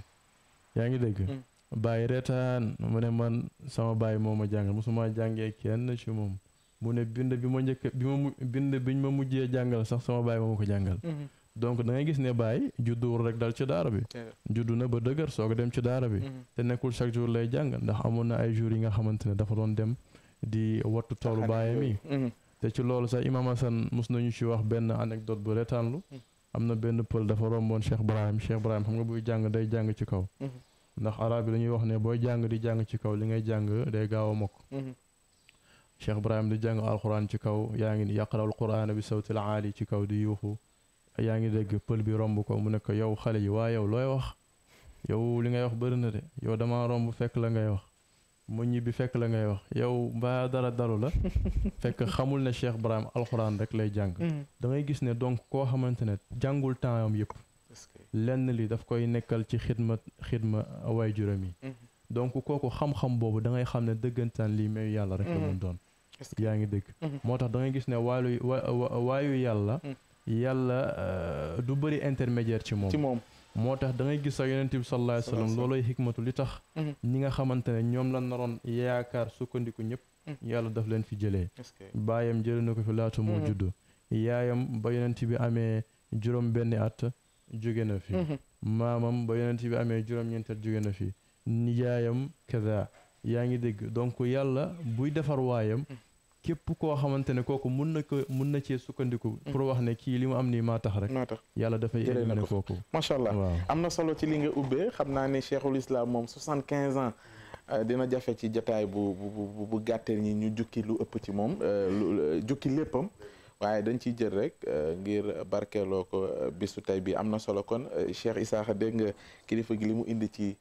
yaa ngi dégg mm. bàyyi reetaan mu ne man sama bàyyi moo ma jàngal mosuma jàngee kenn ci moom mu ne bind bi ma njëkk bi ma bind biñ ma mujjee jàngal sax sama bàyyi moo jàngal mm-hmm. donc da gis ne bàyyi judduwul rek dal ci daara bi eh. juddu na ba dëgër soog dem ci daara bi mm-hmm. te nekkul chaque jour lay jàng ndax amoon na ay jours yi nga xamante ne dafa doon dem di wattu toolu baayam mm-hmm. yi te ci loolu sax imaam Hassan mos nañu ci wax benn anecdote bu retaanlu mm-hmm. am na benn pël dafa romboon Cheikh Ibrahim Cheikh Ibrahim xam nga buy jàng day jàng ci kaw ndax arab yi dañuy wax ne boo jàng di jàng ci kaw li ngay jàng day gaaw a mokk Cheikh Ibrahim di jàng alquran ci kaw yaa ngi ni yaqraul qurana bi sawtil aali ci kaw di yuuxu yaa ngi dégg pël bi romb ko mu ne ko yow xale yi waa yow looy wax yow li ngay wax bëri na de yow damaa romb fekk la ngay wax mu ñibbi fekk la ngay wax yow mbaa dara dalu la fekk xamul ne Cheikh Ibrahim alxuraan rek lay jàng mm. da gis ne donc koo xamante ne jàngul temps am yëpp lenn li daf koy nekkal ci xidma xidma waay juróom yi mm-hmm. donc kooku xam-xam boobu da xam ne dëggantaan lii mayu yàlla rek la mm-hmm. mun doon yaa ngi dégg mm-hmm. moo tax da gis ne waayu waayu yàlla mm. yàlla euh, du bëri intermédiaire ci moom ci moom moo tax dangay ngay gis sax yonent bi sallallahu alayhi wa sallam looloy xikmatu li tax ñi nga xamante ne ñoom la naroon yaakaar sukkandiku ñëpp mm. yàlla daf leen fi jëlee baayam jëlee na ko fi laata moo mm-hmm. judd yaayam ba yonent bi amee juróom benni at jóge na fi mm-hmm. maamam ba yonent bi amee juróom-ñeent at jóge na fi nijaayam kada yaa ngi dégg donc yàlla buy defar waayam mm. képp koo xamante ne kooku mun na ko mun na cee sukkandiku. Mm. pour wax ne kii li mu am nii maa tax rek. maa tax yàlla dafay éliminer kooku. macha allah am na solo ci li nga ubbee xam naa ni cheikhul islam moom 75 ans. Euh, dina jafe ci jataay bu bu gàttee ñi ñu jukki lu ëpp ci moom euh, jukki léppam waaye dañ ci jël rek euh, ngir barkeeloo ko bisu tey bi am na solo kon Cheikh Isaaxa dégg nga kilifa gi li mu indi ci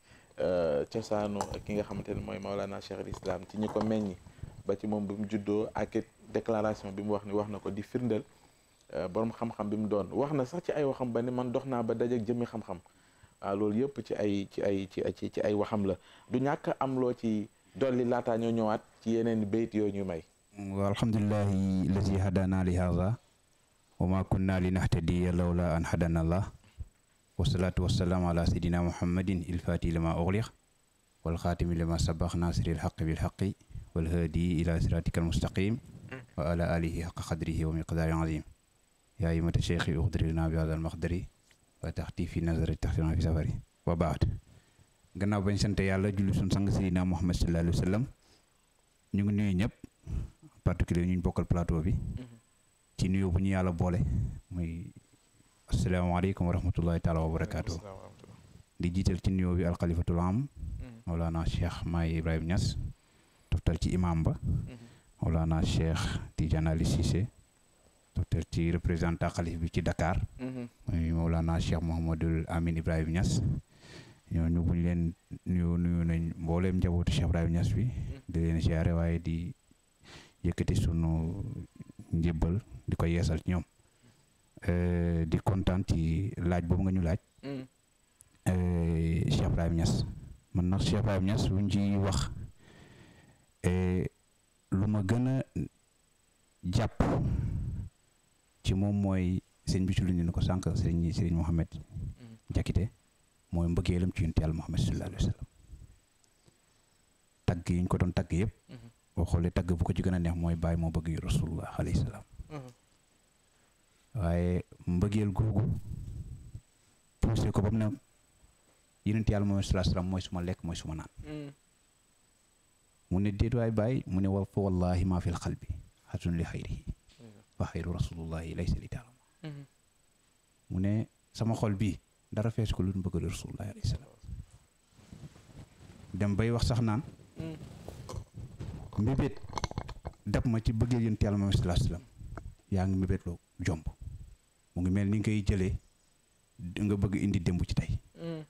cosaanu ki nga xamante mooy mooy Maolana naa al Islam ci ñi ko meññi. ba ci moom bi juddoo ak déclaration bi mu wax ni wax na ko di firndeel euh, boroom xam-xam bi mu doon wax na sax ci ay waxam ba ni man dox naa ba dajeeg jëmmi xam-xam waaw loolu yëpp ci ay ci ay ci ci ay waxam la du ñàkk am loo ci dolli laataa ñoo ñëwaat ci yeneen bayt yooyu ñu may wa alhamdulillahi lazi hadana li hadha wa ma kunna li nahtadiya lawla an hadana allah wasalaatu wasalaamu ala sayidina muhammadin il fatihi lima wal xaatimi lima sabax nasiril xaqi bil xaqi والهادي إلى صراطك المستقيم وعلى آله حق قدره ومقدار عظيم يا أيمة الشيخ أخضر لنا بهذا المقدر وتحتي في نظر تحتنا في سفري وبعد gannaaw bañ sant yàlla julli suñ sang Seydina Muhammad sallallahu ñu ngi nuyu ñëpp particulier ñu bokkal plateau bi ci nuyu bu ñu yàlla boole muy asalaamaaleykum wa rahmatullahi taala wa barakaatu di jiital ci nuyoo bi alxalifatul am mm-hmm. Mawlana Cheikh Mahi Ibrahima Niass toftal ci imam ba mm-hmm. Mawlana Cheikh Tidiane Ali Cissé toftal ci représentant xalif bi ci Dakar mm-hmm. muy Mawlana Cheikh Mouhamadul Amin Ibrahima Niass ñooñu buñ leen nuyoo nuyoo nañ mbooleem njabootu Cheikh Ibrahima Niass bi mm-hmm. di leen ziare waaye di yëkkati sunu njëbbal di koy yeesal ñoom eh, di kontaan ci laaj boobu nga ñu laaj eh, Cheikh Ibrahima Niass man nag Cheikh Ibrahima Niass buñ ci wax Eh, lu ma gën a jàpp ci moom mooy sëñ bi ci lu ñu ne ko sànq sëriñ sëriñ Mouhamed Diakité mooy mbëggeelam ci yonent Yàlla Muhammad sallallahu alayhi tagg yi ñu ko doon tagg yëpp mhm. boo tagg bu ko ci gën a neex mooy bàyyi moo bëgg yu rasulullah alayhi salaam mhm. waaye mbëggeel googu poussé ko ba mu ne yonent Yàlla Muhammad sallallahu mooy suma lekk mooy suma naan mm. mu ne déet waay bàyyi mu ne wa fa wallahi maa fil xalbi xatun li xayrihi fa xayru rasulullahi laysa li taalam mm-hmm. mu ne sama xol bii dara fees ko lu ñu bëgg rasulullahi alayhi salaam dem bay wax sax naan mm. mbébét dab ma ci bëggee yonent Yàlla Muhammad sallallahu alayhi wasallam yaa ngi mbébét loo jomb mu ngi mel ni ngay jëlee nga bëgg indi démb ci tey mm.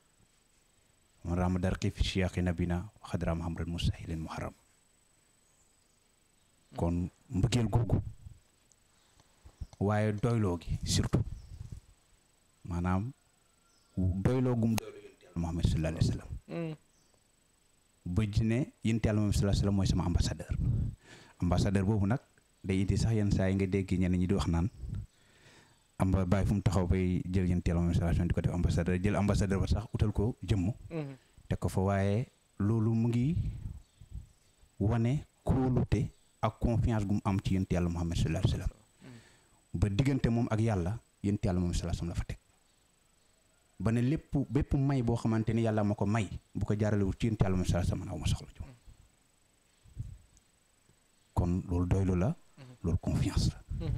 man raama darqi fi siyaaqi nabina xadraam hamran mustahilin muharram kon mbëggeel googu waaye doyloo gi surtout maanaam doyloo gum doyloo yonent Yàlla Muhammad sallallahu alayhi wa sallam mm. bëj ne yonent mooy sama ambassadeur ambassadeur boobu nag day indi sax yenn saa yi nga dégg ñenn ñi di wax naan amba bàyyi fu mu taxaw bay jël yéen teel administration di ko def ambassadeur jël ambassadeur ba sax utal ko mhm. te ko fa waaye loolu mu ngi wane kóolute ak confiance gu mu am ci yéen teel Muhammad sallallahu mhm. ba diggante moom ak yàlla yéen teel moom sallallahu alayhi wasallam la fa teg. ba ne lépp bépp may boo xamante ni yàlla ma ko may bu ko jaaralewul ci yéen teel Muhammad aw ma soxla ci mhm. kon loolu doylu la. loolu confiance la.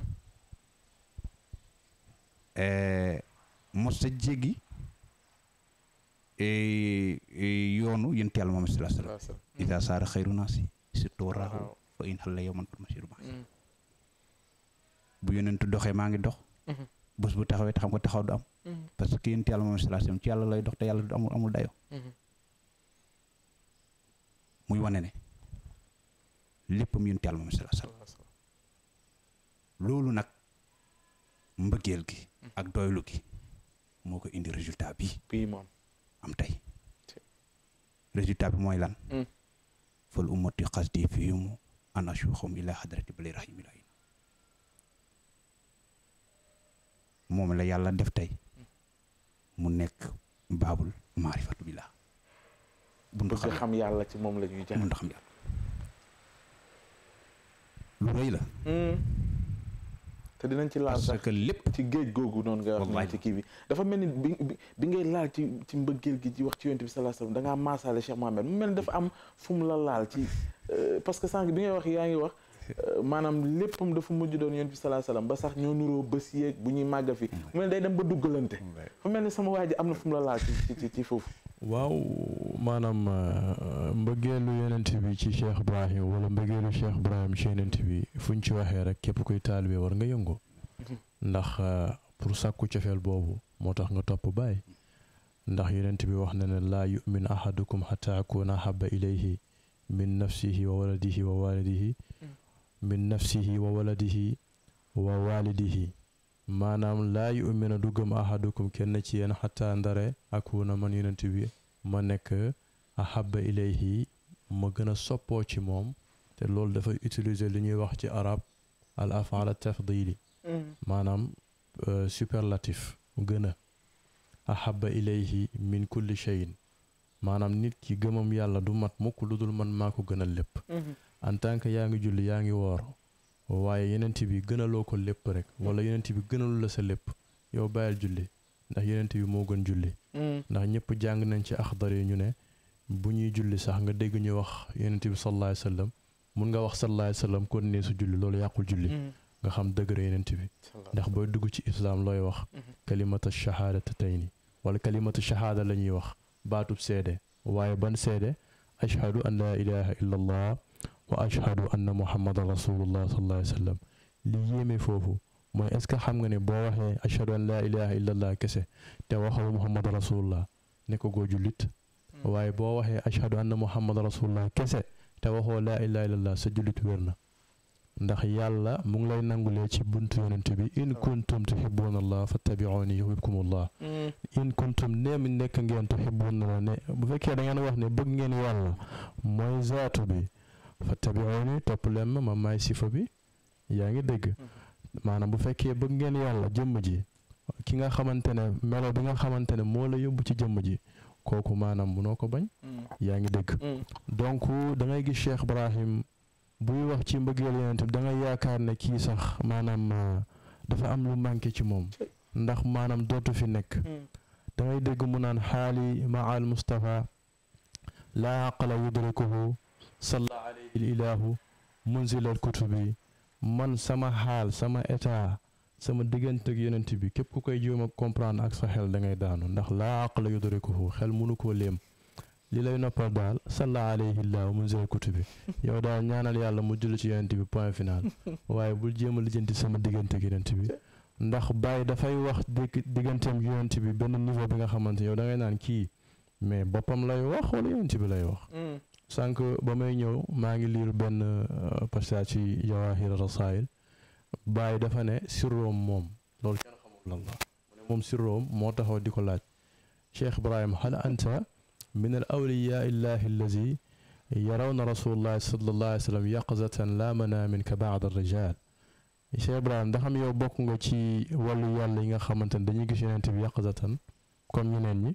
Eh, mos sa jéggi eh, eh, yoonu yéen teel moom si surtout raaxu mm. bu yonentu doxee maa ngi dox mm-hmm. bés bu taxawee xam nga taxaw du am mm-hmm. parce yàlla lay dox mm-hmm. wane ne léppam loolu nag mbëggeel gi ak doylu gi moo ko indi résultat bi moom am tey résultat bi mooy lan hmm. fal ummati xasdi fiimu anasuxum ila xadrati bali rahimilahin moom la yàlla def tey mu nekk baabul maarifatu billah buntu xam yàlla ci moom la ñuy jaar lu rëy la hmm. te dinañ ci laal sax lépp ci géej googu noonu nga wax ci kii bi dafa mel ni bi bi ngay laal ci ci mbëggeel gi ci wax ci yonent bi sa alayhi wasallam da ngaa maasaale Cheikh Mohamed mu mel ni dafa am fu mu la laal ci euh, parce que sànq bi ngay wax yaa ngi wax Euh, maanaam léppam dafa mujj doon yonent bi salaa salaam ba sax ñoo nuroo bés yeeg bu ñuy màgg fi mm. mu mel day dem ba duggalante fu mel ni sama waa ji am na fu mu la laal ci foofu waaw maanaam euh, mbëggeelu yonent bi ci Cheikh Ibrahim wala mbëggeelu Cheikh Ibrahim ci yonent bi fu ñu ci waxee rek képp kuy taalibe war nga yëngu ndax euh, pour sàkku cofeel boobu moo tax nga topp baay ndax yonent bi wax na ne laa yumin ahadukum xata akuna haba ilayhi min nafsihi wa min nafsihi wa waladihi wa walidihi maanaam laa yu'mina du gëm ahadukum kenn ci yenn xataa ndare akuna man yonent bi ma nekk ahabba ilayhi ma gën a soppoo ci moom te loolu dafa utiliser li ñuy wax ci arab al afaala tafdili mm. maanaam euh, superlatif gën a ahabba ilayhi min kulli cheyin maanaam nit ki gëmam yàlla du mat mukk lu dul man maa ko gënal lépp mm-hmm. en tant que yaa ngi julli yaa ngi woor waaye yenent bi gënaloo ko lépp rek wala yenent bi gënalula sa lépp yow bàyyil julli ndax yenent bi moo gën julli mm. ndax ñëpp jàng nañ ci axdar yi ñu ne bu ñuy julli sax nga dégg ñu wax yenent bi sallallahu alayhi wasallam mun nga wax sallallahu alayhi wasallam kon ne su julli loolu yàqul julli mm. nga xam degré yenent bi ndax booy dugg ci islam looy wax mm-hmm. kalimata shahaadatayni wala kalimatu shahaada la ñuy wax baatub seede waaye ban seede ashhadu an laa ilaha wa ashhadu anna muhammadan rasulullah sallallahu alayhi wa sallam li yéeme foofu mooy est ce que xam nga ne boo waxee ashhadu an laa ilaha illallah kese te waxoo muhammadan rasulullah ne ko goo jullit hmm. waaye boo waxee ashhadu anna muhammadan rasulullah kese te waxoo laa ilaha illallah sa jullit wér na ndax yàlla mu ngi lay nangulee ci buntu yonent bi in hmm. kuntum tuhibbuna allah fattabi'uni yuhibbukumullah hmm. in kuntum neem nekk ngeen tuhibbuna la ne bu fekkee da ngeen wax ne bëgg ngeen yàlla mooy zaatu bi fa tabiuni topp leen ma ma maay sifa bi yaa ngi dégg mm-hmm. maanaam bu fekkee bëgg ngeen yàlla jëmm ji ki nga xamante ne melo bi nga xamante ne moo la yóbbu ci jëmm ji kooku maanaam munoo ko bañ mm-hmm. yaa ngi dégg mm-hmm. donc da gis Cheikh Ibrahim buy wax ci mbëggeel yonent bi da yaakaar ne kii sax maanaam euh, dafa am lu manqué ci moom ndax maanaam dootu fi nekk da ngay dégg mu naan xaali ma Mustafa laa aqla yudrikuhu ilaahu munzilal kutubi man sama xaal sama état sama diggante ak yonent bi képp ku koy jéem a comprendre ak sa xel da ngay daanu ndax laa aqla yudrikuhu xel mënu koo leem li lay noppal daal salla alayhi llahu munzilal kutubi yow daal ñaanal yàlla mu julli ci yonent bi point final waaye bul jéem a lijjanti sama diggante ak yonent bi ndax Baye dafay wax digganteem yonent bi benn niveau bi nga xamante yow da naan kii mais boppam lay wax wala bi lay wax mm. sànq ba may ñëw maa ngi liir benn euh, passage ci Jawahir Rasail Baye dafa ne sirroom moom loolu kenn xamul lan la mu ne moom sirroom moo taxaw di ko laaj Cheikh Ibrahim hal anta min al awliyaa illahi allazi yarawna rasulullahi sallallahu alayhi wa sallam yaqzatan la manaamin ka baad ar rijal Cheikh Ibrahim ndax am yow bokk nga ci wàllu yàlla yi nga xamante ne dañuy gis yonent bi yaqzatan comme ñeneen ñi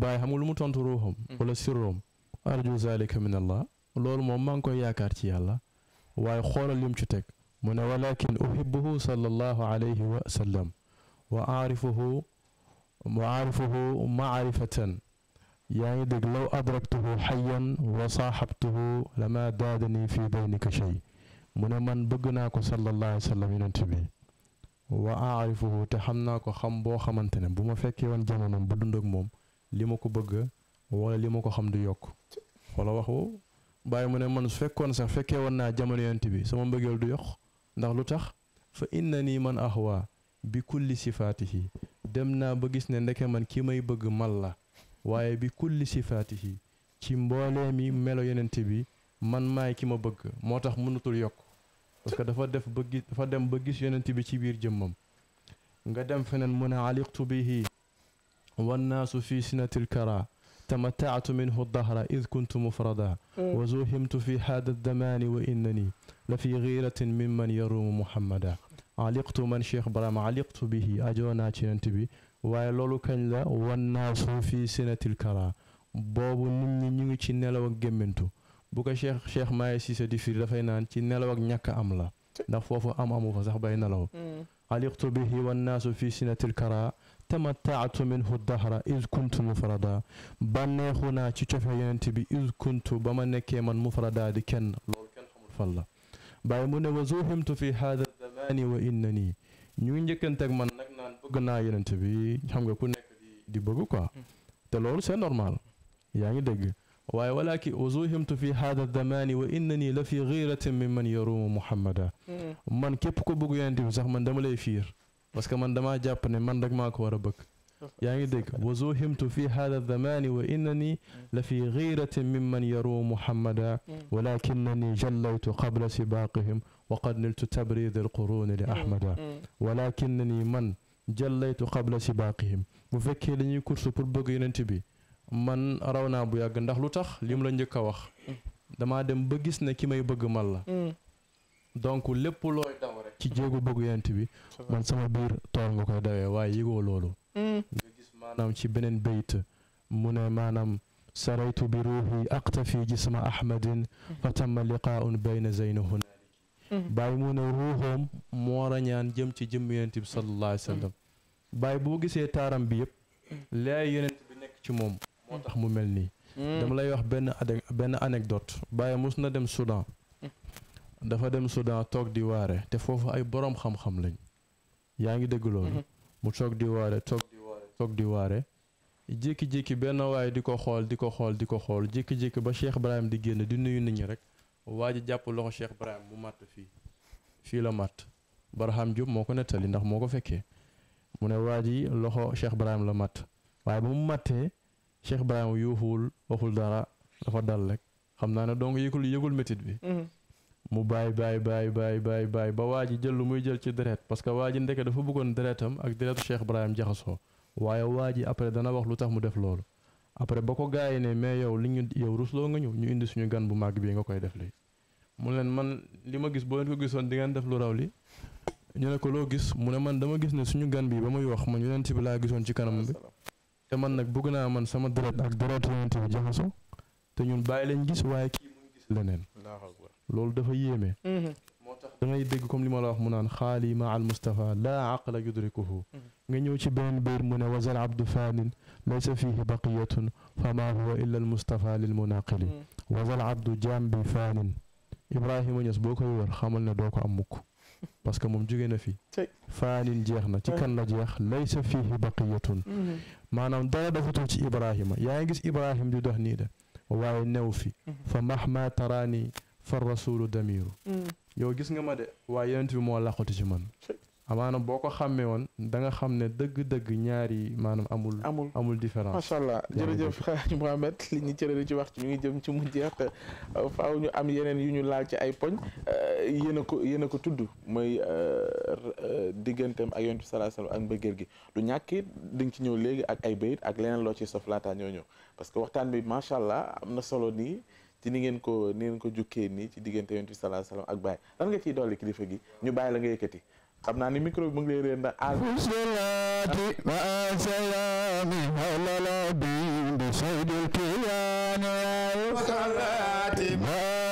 Baye xam nga lu mu tontu ruuxam hmm. wala sirroom arju zalika min allah loolu moom maa ngi koy yaakaar ci yàlla waaye xoolal lim ci teg mu ne walakin uhibbuhu sallallahu alayhi wa sallam wa aarifuhu wa aarifuhu maarifatan yaa ngi dégg law adraktuhu xayan wa saaxabtuhu lama daadani fi daynika shay mu ne man bëgg naa ko sallallahu alayhi wa bi wa aarifuhu te xam naa ko xam boo xamante ne bu ma fekkee woon jamonoom bu dund ak moom li ma ko bëgg wala li ma ko xam du yokk wala waxu bàyyi mu ne man fekkoon sax fekkee woon naa jamono yonent bi sama mbëggeel du yokk ndax lu tax fa inna nii man ahwa bi kulli sifaatihi dem naa ba gis ne ndeke man ki may bëgg mal la waaye bi kulli sifaatihi ci mboolee mi melo yonent bi man maay ki ma bëgg moo tax mënatul yokk parce que dafa def ba gis dafa dem ba gis yonent bi ci biir jëmmam nga dem feneen mu ne aliqtu bihi wannaasu fi sinatil kara تمتعت منه الدهر إذ كنت مفردا وزوهمت في هذا الزمان وإنني لفي غيرة ممن يروم محمدا علقت من شيخ برام علقت به أجونا تنتبي ويلولو كان لا والناس في سنة الكرا boobu nit ñi ñu ngi ci nelaw ak gémmintu bu ko cheikh cheikh Maye Cissé di firi dafay naan ci nelaw ak ñàkk am la ndax foofu am amu fa sax bay nelaw aliqtu bihi wannaasu fi sinatil kara tamattaatu minhu dahra iz kuntu mufrada bànneexu naa ci cofe yonent bi iz kuntu ba ma nekkee man mufrada di kenn loolu kenn xamul fan la bàyyi mu ne wa zuhimtu fi hada zamani wa innani ñu ngi man nag naan bëgg naa yonent bi xam nga ku nekk di bëgg quoi mm. te loolu c'est normal yaa ngi dégg waaye walaaki uzuhimtu fi hada zamani wa innani la fi ghiratin min man yarumu muhammada mm. man képp ko bëgg yonent bi sax fiir parce que man damaa jàpp ne man rek maa ko war a bëgg yaa ngi dégg wa zuhimtu fi hada zamani wa innani la fi ghiratin mimman yaru muhammada walakinani jallaytu qabla sibaqihim wa qad niltu tabrid alquruni li ahmada walakinani man jallaytu qabla sibaqihim bu fekkee dañuy course pour bëgg yonent bi man raw naa bu yàgg ndax lu tax li mu la njëkk a wax damaa dem ba gis ne ki may bëgg man la mm. donc lépp looy daw ci jéego bëgg yent bi man sama biir tool nga koy dawee waaye yëgoo loolu mm. nga gis maanaam ci beneen bayt mu ne maanaam saraytu bi ruuxi aqtafi jisma ahmadin mm. fa tamma liqaaun bayna zeyni hunaaliki mm. mu ne ruuxoom moo rañaan jëm ci jëm yent bi sallallahu alayhi wa boo gisee taaram bi yëpp laay yonent bi nekk ci moom moo tax mu mel nii dama lay wax benn benn anecdote bàyyi mos na dem Soudan dafa dem Soudan toog di waare te foofu ay boroom xam-xam lañ yaa ngi dégg loolu mhm. mu toog di waare toog di waare toog di waare jékki-jékki benn waaye di ko xool di ko xool di ko xool jékki-jékki ba Cheikh Ibrahim di génn di nuyu nit ñi rek waa ji jàpp loxo Cheikh Ibrahim mu màtt fii fii la màtt Barham Diop moo ko nettali ndax moo ko fekkee mu ne waa ji loxo Cheikh Ibrahim la màtt waaye ba mu màttee Cheikh Ibrahim yuuxuwul waxul dara dafa dal rek xam naa ne donc yëgul yëgul métit bi mhm. mu bàyyi bàyyi baay baay bàyyi baay ba waa ji jël lu muy jël ci deret parce que waa ji ndeke dafa bëggoon deretam ak deretu Cheikh Ibrahim jaxasoo waaye waa ji après dana wax lu tax mu def loolu après ba ko gars yi ne mais yow li ñu yow rusloo nga ñëw ñu indi suñu gan bu màgg bii nga koy def lii mu leen man li ma gis boo leen ko gisoon di ngeen def lu raw li ñu ne ko loo gis mu ne man dama gis ne suñu gan bi ba muy wax ma ñu leen bi laa gisoon ci kanam te man nag bëgg naa man sama deret ak deretu yonent bi jaxasoo te ñun bàyyi leen gis waaye kii muy gis leneen loolu dafa yéeme. Mm-hmm. moo tax dégg comme li ma la wax mu naan xaali ma al Mustafa laa aqla yudrikuhu mm-hmm. nga ñëw ci benn biir mu ne wazal abdu faanin laysa fihi baqiyatun fama huwa illa al Mustafa lil munaqili mm-hmm. wazal abdu jaam bi faanin Ibrahima Niass boo koy wër xamal ne doo ko am mukk parce que moom jóge na fi faanin jeex na ci kan la jeex laysa fihi baqiyatun maanaam dara dafatul ci Ibrahima yaa ngi gis Ibrahima di dox nii de waaye fi fa mahma taraani far rasulu damiru mm. yow gis nga ma de waaye yonent bi moo laqatu ci man maanaam boo ko xàmmee woon da nga xam ne dëgg-dëgg ñaari maanaam amul. amul amul différence allah jërëjëf xaaj li ñu cërale ci waxtu mi ngi jëm ci mu jeex te euh, ñu am yeneen yu ñu laal ci ay poñ euh, yéen a ko yéen a ko tudd mooy euh, digganteem ak yonent bi sallallahu alayhi wasallam ak gi du ñàkk it di nga ci ñëw léegi ak ay bayit ak leneen loo ciy sof ñoo ñëw parce que waxtaan bi macha allah am na solo nii. ci ni ngeen ko ni ko jukkee nii ci diggante yonent bi sallallahu alayhi ak Baye lan nga ciy dolli kilifa gi ñu bàyyi la nga yëkkati xam naa ni micro bi mu ngi lay aal bismillahi wa salami ala la bi sayyidil kiyaani wa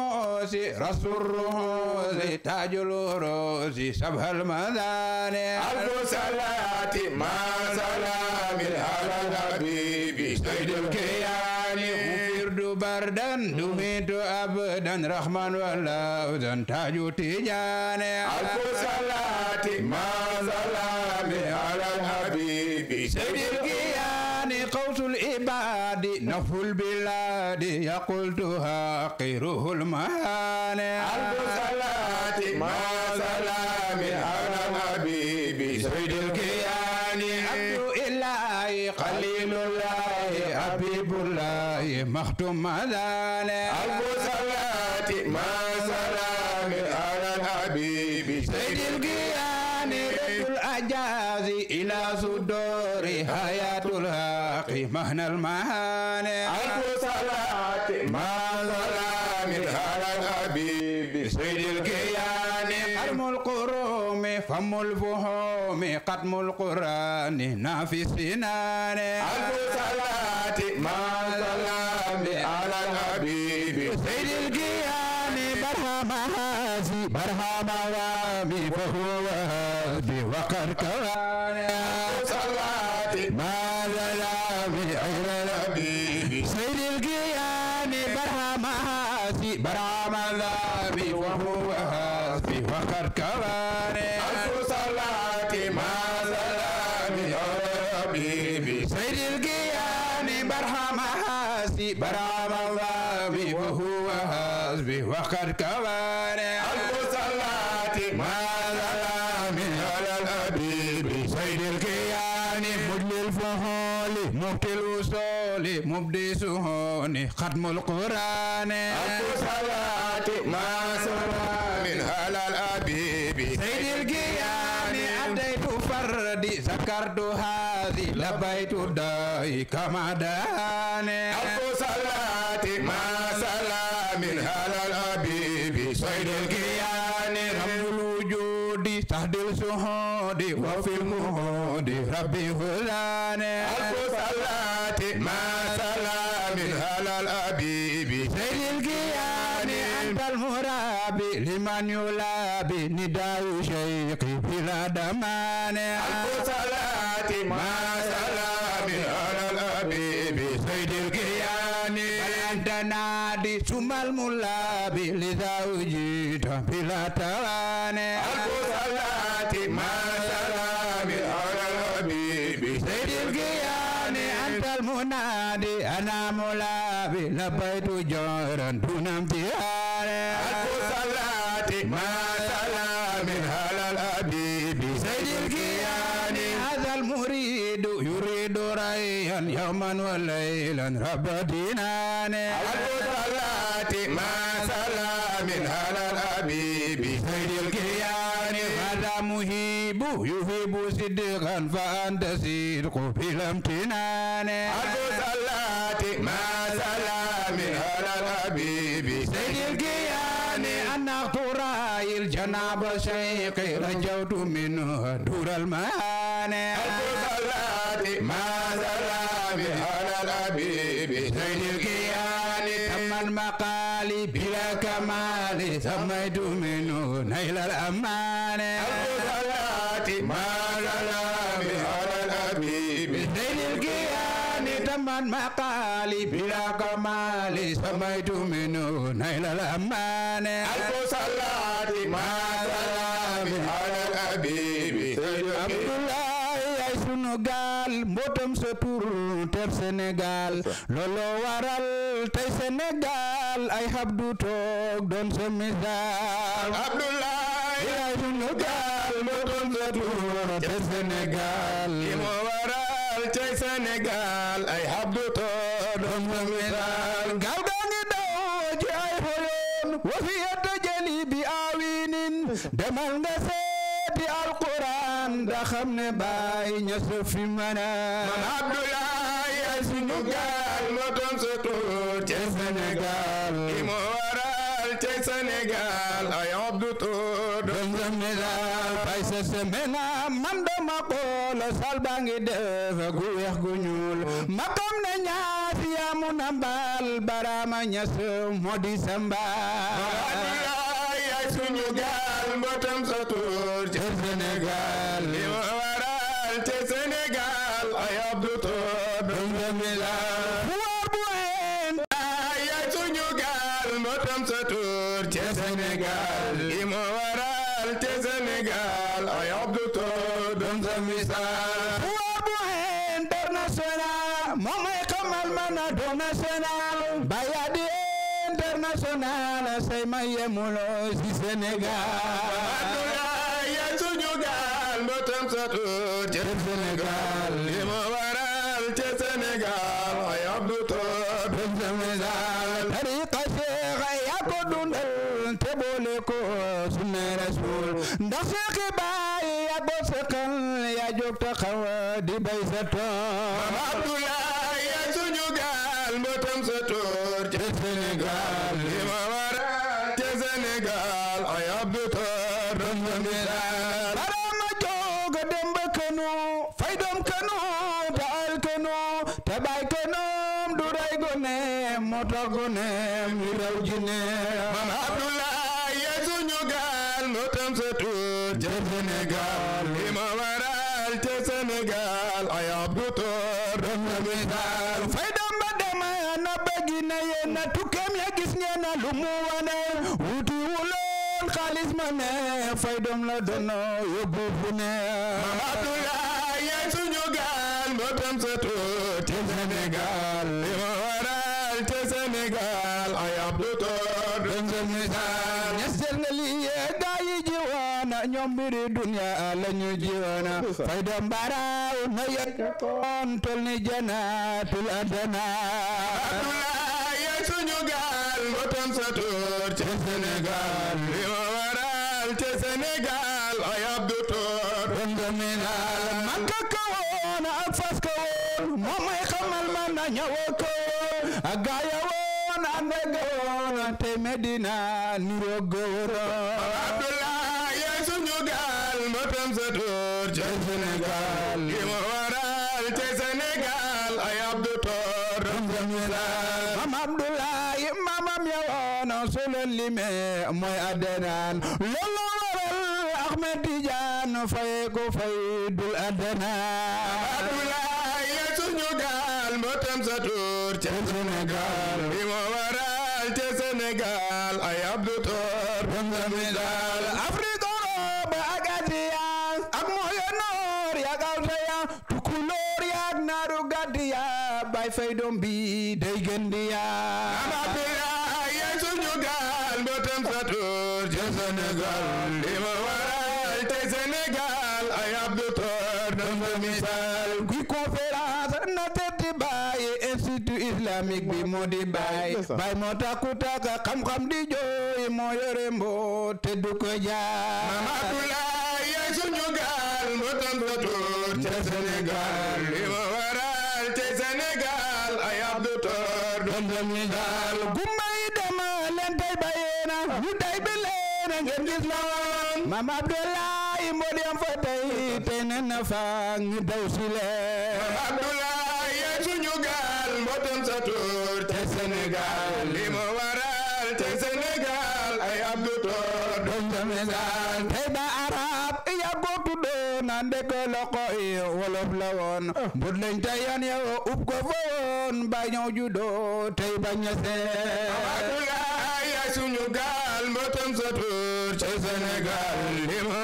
الموس رسم الرموز تاج الوروس سبها المداني ألف صلاة مع سلام على الحبيب سيد الكيان فرد بردا دميت أبدا رحمن ولا أذن تاج تجاني ألف صلاة مع سلام على الحبيب سيد الكيان قوس الإبان نفو البلاد يقولتها قيره المهاني ألف صلاة مع سلام على حبيبي سيد الكيان عبد الله قليل الله حبيب الله مختم ذلك ألف صلاة مع سلام على حبيبي سيد الكيان رد الأجاز إلى صدور حياتي مهنا المعاني ألف صلاة مع سلام على الحبيب سيد الكيان حرم القروم فم الفهوم قدم القرآن نافي السنان ألف صلاة مع أن رب ديناني الصلاة ما سلا من على الحبيب سيد الكيان هذا مهيب يهيب صدقا فأنت صدق في الامتنان الصلاة ما سلا من على الحبيب سيد الكيان أن تراي الجناب شيقي رجوت منه دور المهاب بلا كمال سميت منه نيل الأمان الغزلات ما الألام على الأبيب دين الكيان تمت مقالي بلا كمال سميت منه نيل الأمان الغزلات ما الألام على الأبيب عبد الله Sénégal mbootam sa tur teer Sénégal looloo waral tey Sénégal misaal ay habdu toog doon sa misaal Abdoulaye yaay sunu gaal moo ay habdu toog doon sa bi aawinin demal nga seeti alquran da xam ne baay ña sofi mana man Abdoulaye semena man dama xoolo sal baa ngi def gu weex gu ñuul ma xam ne ñaas yaamu na mbaal baraama ñas moo di sa mbaal ma yemuloo ci Sénégal Abdoulaye ak suñu gaal mbotam satu ca Sénégal li ma waral ca Sénégal ay Abdou Top Sénégal tariqa Cheikh yaa ko dundal te boole ko sunna Rasul ndax Cheikh Baye yaa ko sëkkal yaa jóg taxaw di bay sa tool ma waral ca Sénégal ay Abdou Tour doon na misaal fay dem ba na bëggi na yéen a tukkeem lu mu wane wuti wuloon xaalis ma ne fay doom la dono yóbbu fu ne mam Abdoulaye ye suñu gaal moo tam sa a duniya lañu jiwana fayda mbaraw na koon tol ni janaatul adana Abdoulaye yaay suñu gaal botom sa tur ca waral ca Sénégal ay Abdou Tour ndamilaal Makka ko woon ak Fas ko moom may xamal man na ñëwoo ko ak gaaya woon ànd ak woon te Medina niroo gowro Abdou Tour ca Sénégal li ma waral ca Sénégal ay Abdou Tour am Abdoulaye mamam yawoona sulol lime mooy addenaan loolu waral Ahmed Tidiane faye ko fay dul addenaan jom day gën di yaa Mame Abdoulaye mbootam sa tur Sénégal li ma waral te Sénégal ay Abdou Tor misaal kuy conférence na tedd bàyyi institut islamique bi moo di bàyyi bàyyi moo takku takka xam-xam di jooy moo yore mboo te du ko jaar Mame Abdoulaye yaay mbootam sa tur Sénégal ñuy daal gumba yi leen tey bàyyee na ñu tey bi ngeen gis la woon maam Abdoulaye moo fa tey tey na na fa ñu leen ndeke loko yi wolof la woon ah. mbut lañ tey yan yow ub ko fa woon ba ñëw juddoo tey a seet Abdoulaye ya suñu gaal mbotom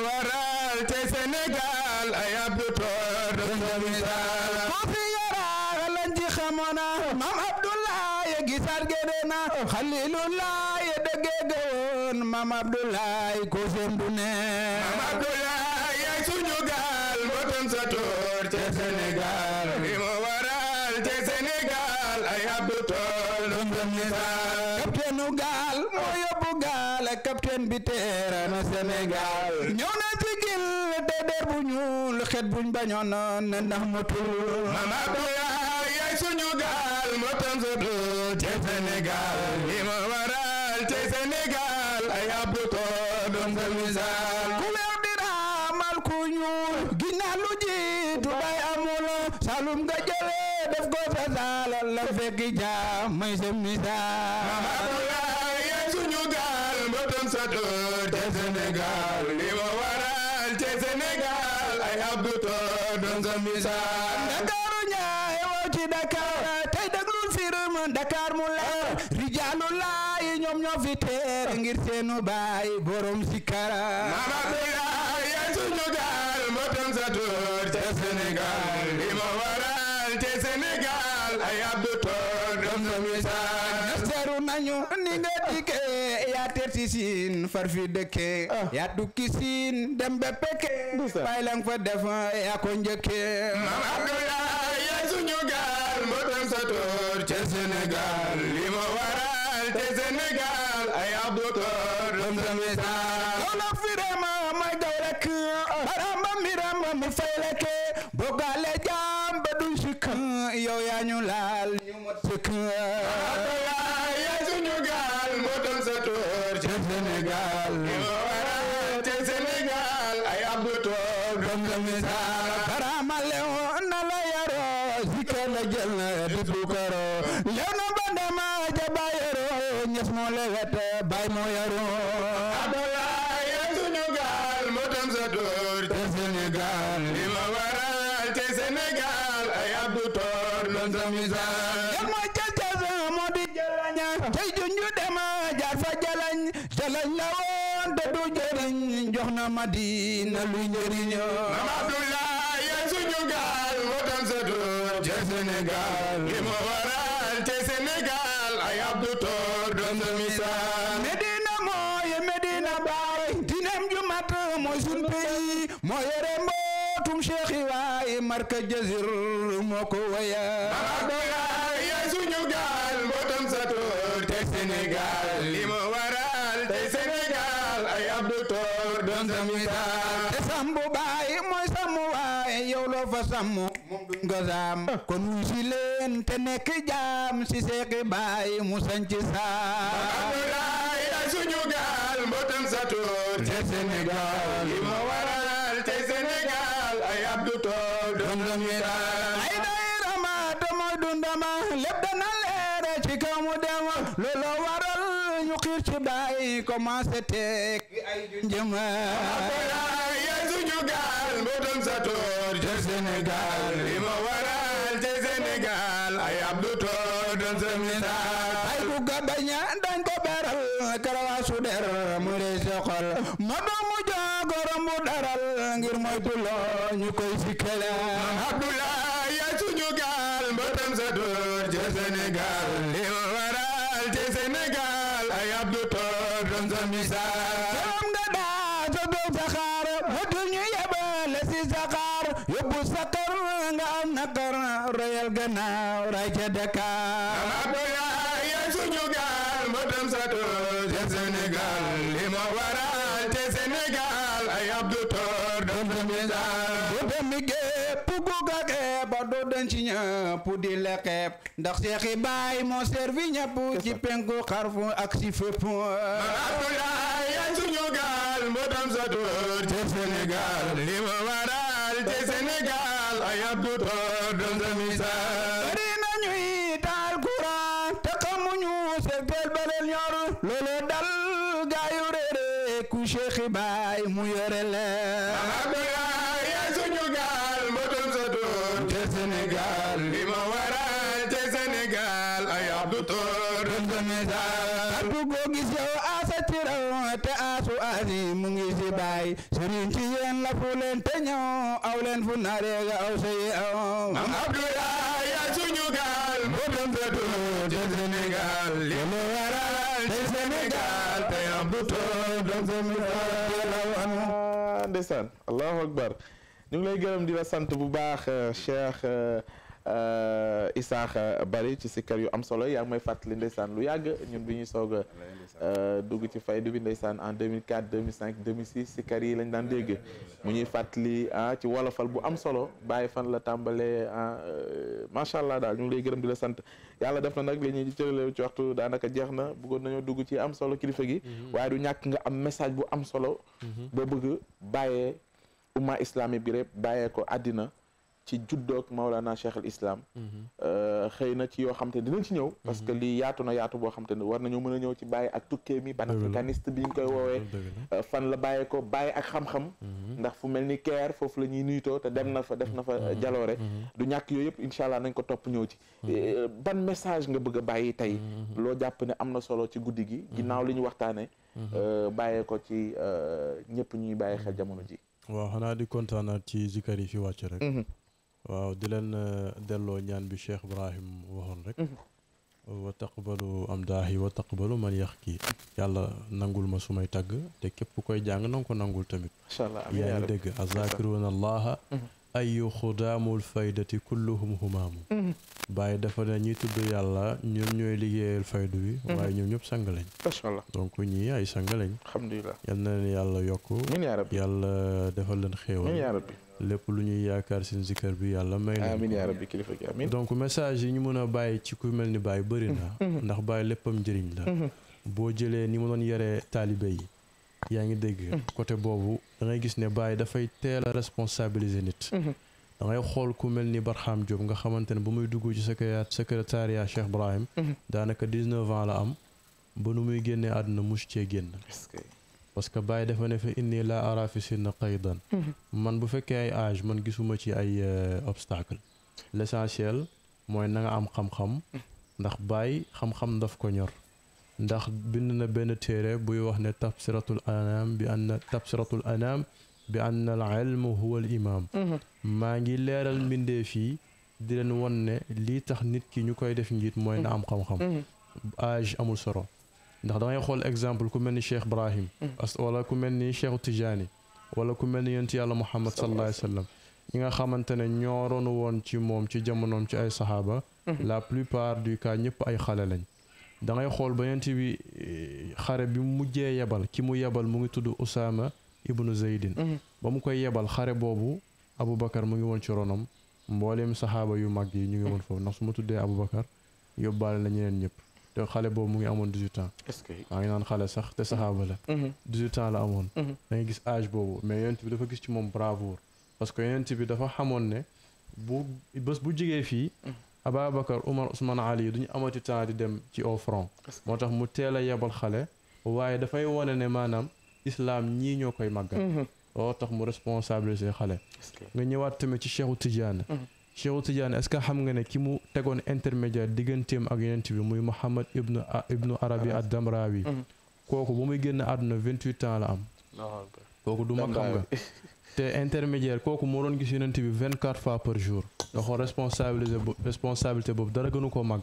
waral ci Sénégal ay Abdou Toor def sa misaal ku fi yara lañ ci xamoona maam Abdoulaye gisaat ah. du ne sa toor ca Sénégal li mu waral ca Sénégal ay gaal moo yóbbu gaal ak kapteen bi teera na Sénégal ñëw na ci gil te bu ñuul xet buñ bañoon na ndax mu tuur Mame Abdoulaye yaay suñu gaal moo tam sa teggi jaam may sem misaal Abdoulaye ya suñu gaal mbotom sa toor ca li ma waral ca ay Abdou Toor doon sa misaal Ndakaaru ñaay woo ci tey déglu firim Dakar mu leer ah. rijaalu laay ñoom ñoo fi teer ngir seenu baay borom si kara nañu ni nga dikkee yaa teer si siin ah. yaa tukki siin dem ba fa def yaa ko njëkkee maam Abdoulaye yaay suñu gaal mbotam sa tóor ca li ma waral te Sénégal ay Abdou ah. mi rema mi fay lekk bogale jaam ba du sikk yow yaa ñu laal ñu mot sikk misaal karama lewoon na la yaroo sikkee la jël na di puukaroo na ba dema ja yaroo ñes moo lewet bay moo yaroo na Madina luy njëriñoo Maam Abdoulaye ya suñu moo tam sa tur ca li ma waral ca Sénégal ay Abdou Toor doon misaal Medina mooy Medina Baay dinem ju mat sun pays moo yore mbootum Cheikh yi waay marka jazir moo ko waya sàmm moom duñ ko saam kon wuy si leen te nekk jaam si seeki baay mu sanc saam ay suñu gaal mbotam sa tur te Sénégal li ma waral te Sénégal ay abdu tool dondom yi daal ay day rama te mooy dundama lépp dana leer ci kaw mu dem looloo waral ñu xiir ci baay commencé teeg ay junjëm Sénégal mbootam sa toor ca Sénégal li ma waral ca Sénégal ay Abdou Toor doon misaal ay ku ko baña dañ ko beral karawaasu der mu dee sa xol ma doomu jaagoram bu daral ngir moytu loo ñu koy sikkale gannaaw rajo ca Sénégal li ma waral ca Sénégal ay Abdou Tor dootum misaal. dootum mi gépp guga xeeb a doodan ci ñëpp di la ndax Seexi Baay moo servi ñëpp ci penku xarfu ak ci fépp. Abdoulaye yaay suñu gaal mbëtam sato ca Sénégal li ma waral ca Sénégal. yàggu toog doon sa misaal bari nañuy taal courant te xamuñu secteur ba leen ñor loolu dal gaayu réere ku Cheikh Baay mu yore leen Abdoulaye yaay suñu gaal ba doon sa doon te li ma waral te Sénégal ay yàggu toog doon sa misaal baay sëriñ ci yéen la fu leen te ñëw aw leen fu nareega aw sey aw mam Abdoulaye ya gaal bu dem fetu te Sénégal li mu waral te Sénégal te ambuto dem Sénégal ndeysaan allahu akbar ñu ngi lay gërëm di la sant bu baax euh, Cheikh euh, Euh, Isaaxa Bari ci sikkar yu am solo yaa ngi may fàttali ndeysaan lu yàgg ñun bi ñuy soog a euh, dugg ci faydu bi ndeysaan en 2004 2005 2006 sikkar yi lañ daan dégg mu ñuy fàttali ah ci wolofal bu am solo bàyyi fan la tàmbalee ah, euh, macha allah daal ñu ngi lay gërëm di la sant yàlla def na nag li ñuy cërale ci waxtu daanaka jeex na bëggoon nañoo dugg ci am solo kilifa gi mhm. waaye du ñàkk nga am message bu am solo mhm. boo bëgg bàyyee umma islamique bi rek bàyyee ko àddina ci juddoog Maulana Cheikh al Islam. Mhm. Euh, xëy na ci yoo xam te dinañ ci ñëw. parce que mhm. lii yaatu na yaatu boo xam te ne war nañoo mën a ñëw ci Baye ak tukkee mi panafricaniste bi ñu koy woowee. Euh, fan la bàyyee ko ak xam-xam. Mhm. ndax fu mel ni Caire foofu la ñuy nuytoo te dem na fa def na fa euh, jaloore. du ñàkk yooyu yëpp incha allah nañ ko topp ñëw ci. ban message nga bëgg a bàyyi tey. loo jàpp ne am na solo ci guddi gi. ginnaaw li ñu waxtaanee. bàyyee ko ci ñëpp ñuy bàyyi xel jamono ji. waaw di kontaanaat ci zikar yi waaw di leen euh, delloo ñaan bi Cheikh Ibrahim waxoon rek mhm. wa taqbalu amdaahi wa taqbalu man yax kii yàlla nangul ma sumay tagg te képp koy jàng nanga ko nangul tamit yaa ngi dégg azakiruuna allaha mhm. ay xudaamul faydati kulluhum humaamu mhm. bàyyi dafa ne ñi tudd yàlla ñoom ñooy liggéeyal faydu bi waaye ñoom ñëpp sang lañ macha allah donc ñii ay sang lañ na leen yàlla yokk yàlla defal leen xéewal lépp lu ñuy yaakaar seen zikkar bi yàlla may na amiin yaa rabbi kilifa gi donc message yi ñu mën a bàyyi ci ku mel ni bàyyi bëri na mhm. ndax bàyyi léppam njëriñ la mhm. boo jëlee ni mu doon yaree taalibe yi yaa ngi dégg mhm. côté boobu da gis ne bàyyi dafay teel a responsabiliser nit da xool ku mel ni Barham Diop nga xamante ne ba muy dugg ci secrétariat Cheikh Ibrahim daanaka dix-neuf ans la am ba nu muy génnee àdduna mus cee génn parce que Baye dafa ne fa inni laa araa fi sinna man bu fekkee ay âge man gisuma ci ay euh, obstacle l'essentiel mooy na am xam-xam ndax bàyyi xam-xam daf ko ñor ndax bind na benn téere buy wax ne tabsiratul anam bi anna tabsiratul anam bi anna al ilmu huwa al imam maa ngi leeral mbindee yi di leen won ne lii tax nit ki ñu koy def njiit mooy na am xam-xam âge amul soro ndax da xool exemple ku mel ni Cheikh Ibrahim mm. wala ku mel ni Cheikh Tidiane wala ku mel ni yonent yàlla Muhammad sallallahu alayhi wa sallam ñi nga xamante ne ñooroonu woon ci moom ci jamonoom ci ay saxaaba mm-hmm. la plupart du cas ñëpp ay xale lañ da ngay xool ba yonent bi eh, xare bi mu mujjee yebal ki mu yebal mu ngi tudd Usaama ibnu Zaydin mm-hmm. ba mu koy yebal xare boobu Aboubacar mu ngi woon ci ronom mbooleem saxaaba yu mag yi ñu ngi woon foofu ndax su ma tuddee Aboubacar yóbbaale la ñeneen ñëpp te xale boobu mu ngi amoon 18 ans. est-ce que maa ngi naan xale sax te saxaaba la. 18 mm-hmm. ans la amoon. Mm-hmm. da nga gis âge boobu mais yonent bi dafa gis ci moom bravoure. parce que yonent bi dafa xamoon ne bu bës bu jigee fii. Mm-hmm. Ababacar Umar Ousmane Ali duñu amati temps di dem ci au front. moo tax mu teel a yebal xale. waaye dafay wane ne maanaam islam ñii ñoo koy màggal. loo tax mu responsabiliser xale. nga ñëwaat tamit ci Cheikhu Tidiane. Cheikh Tidiane est-ce que xam nga ne ki mu tegoon intermédiaire digganteem ak yonent bi muy Muhammad ibnu ibnu Arabi ah. ad-Damrawi mm-hmm. kooku bu muy génn àdduna vingt-huit ans la am kooku du ma xam nga te intermédiaire kooku moo doon gis yonent bi vingt-quatre fois par jour nga xool responsabilité boobu dara gënu ko mag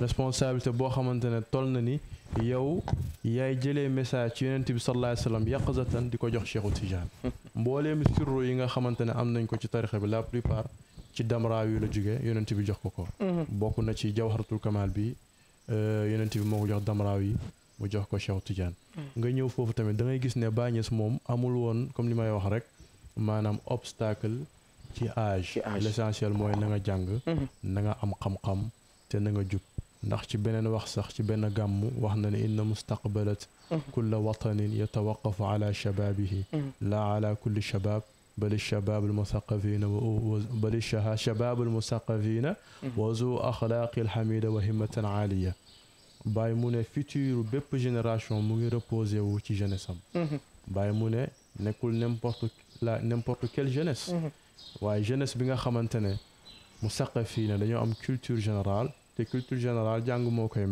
responsabilité boo xamante ne toll na ni yow yaay jëlee message ci yonent bi sallallahu alayhi yàq sallam yàqzatan di ko jox Cheikh Tidiane mbooleem sirru yi nga xamante ne am nañ ko ci tarixa bi la plupart ci damra yu la jóge yonent bi jox ko ko mhm. bokk na ci jawharatul kamal bi euh, yonent bi moo ko jox damra yi mu jox ko Cheikh Tidiane mhm. nga ñëw foofu tamit da gis ne Baye moom amul woon comme li may wax rek maanaam obstacle ci âge l'essentiel mooy na nga jàng mhm. nanga am xam-xam te na nga jub ndax ci beneen wax sax ci benn gàmm wax na ne inna mustaqbalat kulla watanin yatawaqafu ala shababihi la ala kulli shabab bali shabaab almusaqafina bali shabaab almusaqafina wa zu axlaaqi alhamida wa himmatan mu ne futur bépp génération mu ngi reposé wu ci jeunesse am bàyyi mu ne nekkul n'importe la n'importe quelle jeunesse waaye jeunesse bi nga xamante ne musaqafina dañoo am culture générale te culture générale jàng moo koy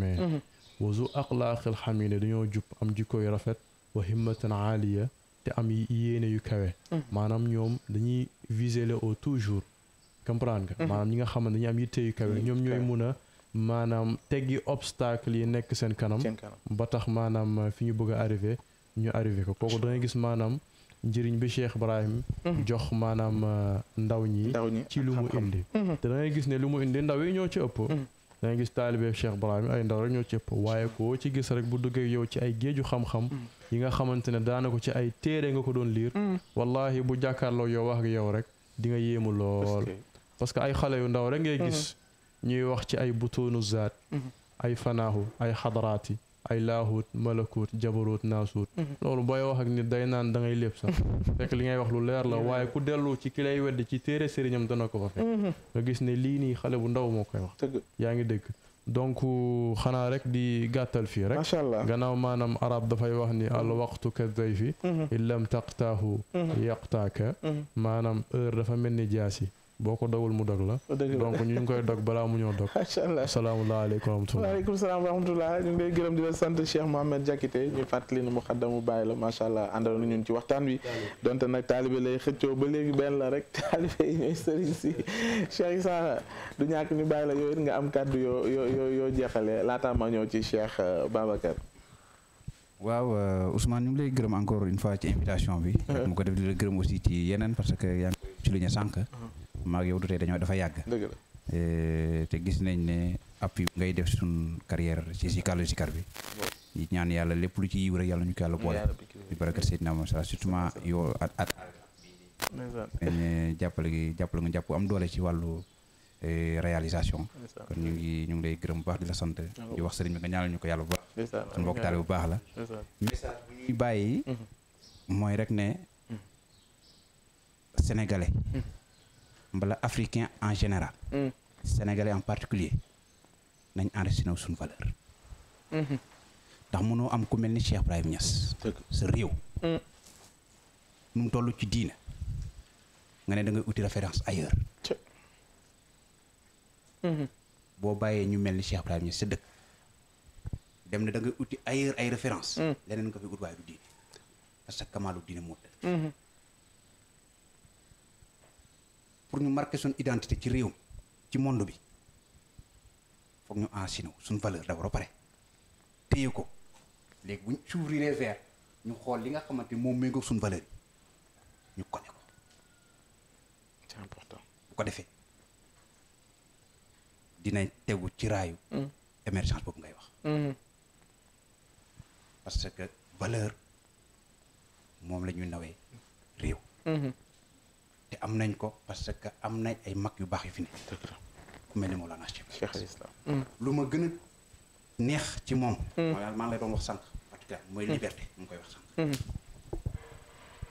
wa zu axlaaqi alhamida dañoo jub am jikko yu rafet te am yéene yu kawe. Mm-hmm. maanaam ñoom dañuy viser le au toujours comprendre nga. Mm-hmm. maanaam ñi nga xam ne dañuy am yitte yu kawe ñoom ñooy mun a maanaam teggi obstacle yi nekk seen kanam. ba tax maanaam uh, fi ñu bëgg a arrivé ñu arrivé ko kooku da gis maanaam njëriñ bi Cheikh Ibrahim. Mm-hmm. jox maanaam uh, ndaw ñi. ci lu mu indi. te da gis ne lu mu indi ndaw yi ñoo ci ëpp. da ngay gis taalibe Cheikh Ibrahim ay ndaw rek ñoo ci ëpp waaye koo ci gis rek bu duggee yow ci ay géeju xam yi nga xamante ne daana ci ay téere nga ko doon liir mm. wallahi bu jàkkaarloo yow wax ak yow rek di nga yéemu lool parce que ay xale yu ndaw rek ngay mm-hmm. gis ñuy wax ci ay butoonu zaat mm-hmm. ay fanaahu ay xadaraati ay laahut malakut jabarut naasuut mm-hmm. loolu booy wax ak nit day naan da ngay lépp sax fekk li ngay wax lu leer la waaye ku dellu ci ki lay wedd ci téere sëriñam dana ko fa fekk nga gis ne lii nii xale bu ndaw moo koy wax yaa ngi dégg donc xanaa rek di gàttal fii rek macha allah gannaaw maanaam arab dafay wax ni al waqtu ka zayfi mhm. in lam taqtaahu mhm. yaqtaaka mhm. maanaam heure dafa mel ni jaasi boo ko dawul mu dog la donc ñu ngi koy dog balaa mu ñoo dog macha allah salaamaleykum wa rahmatulah waaleykum salaam wa rahmatulah ñu ngi lay gërëm di la sant Cheikh Mohamed Diakité ñu fàttali ne mu xaddamu bàyyi la macha allah àndal na ñun ci waxtaan donte nag taalibe lay xëccoo ba léegi benn la rek taalibe yi ñooy sëriñ si Cheikh Issa du la yow nga am kàddu yoo yoo yoo jeexale laataa ma ñëw ci Cheikh euh, Babacar waaw euh, Ousmane ñu ngi lay gërëm encore une fois ci invitation bi mu ko def di la gërëm aussi ci yeneen parce que yaa ngi ci li ñu sànq uh-huh. maag yow dutee dañoo dafa yàgg. dëgg eh, te gis nañ ne appui ngay def suñ carrière ci si kàllu sikar bi. ñu ñaan yàlla lépp lu ci yiw rek yàlla ñu ko yàlla boole. di barakat Seydina Muhammad surtout yow at at. jàppale gi jàppale nga jàpp am doole ci wàllu eh, réalisation. kon ñu ngi ñu ngi lay gërëm bu baax di la sant. di wax sëriñ bi nga ñaanal ñu ko yàlla bu baax. kon mbokk taal bu baax la. message bu ñuy bàyyi. Mm-hmm. mooy rek ne mm-hmm. sénégalais. Mm-hmm. mbala africain en général. Mm. sénégalais en particulier nañ enraciné suñu valeur. Mm-hmm. ndax mënoo am ku mel ni Cheikh Ibrahim ñas sa réew. Mm. nu mu toll ci diina nga ne da ngay uti référence ailleurs. Mm-hmm. boo bàyyee ñu mel ni Cheikh Ibrahim Niass sa dëkk dem na da ngay uti ailleurs ay référence mm. leneen nga fi ut diine parce que kamaalu diine moo tëdd. pour ñu marquer suñu identité ci réew ci monde bi foog ñu enchaîner suñu valeur d'abord ba téye ko léegi bu ñu s'ouvrir vers ñu xool li nga xamante moom méngoo suñu valeur yi ñu kone ko. bu ko defee dinañ tegu ci raayu. Mm. émergence boobu ngay wax. Mm-hmm. parce que valeur moom la ñuy nawee réew. Mm-hmm. te am nañ ko parce que am nañ ay mag yu baax yu fi ne ku mel ni Mawlana Cheikh al Islam mm. lu ma gën a neex ci moom mm. maa ngi lay doon wax sànq particulier mooy mm. liberté mu ngi koy wax sànq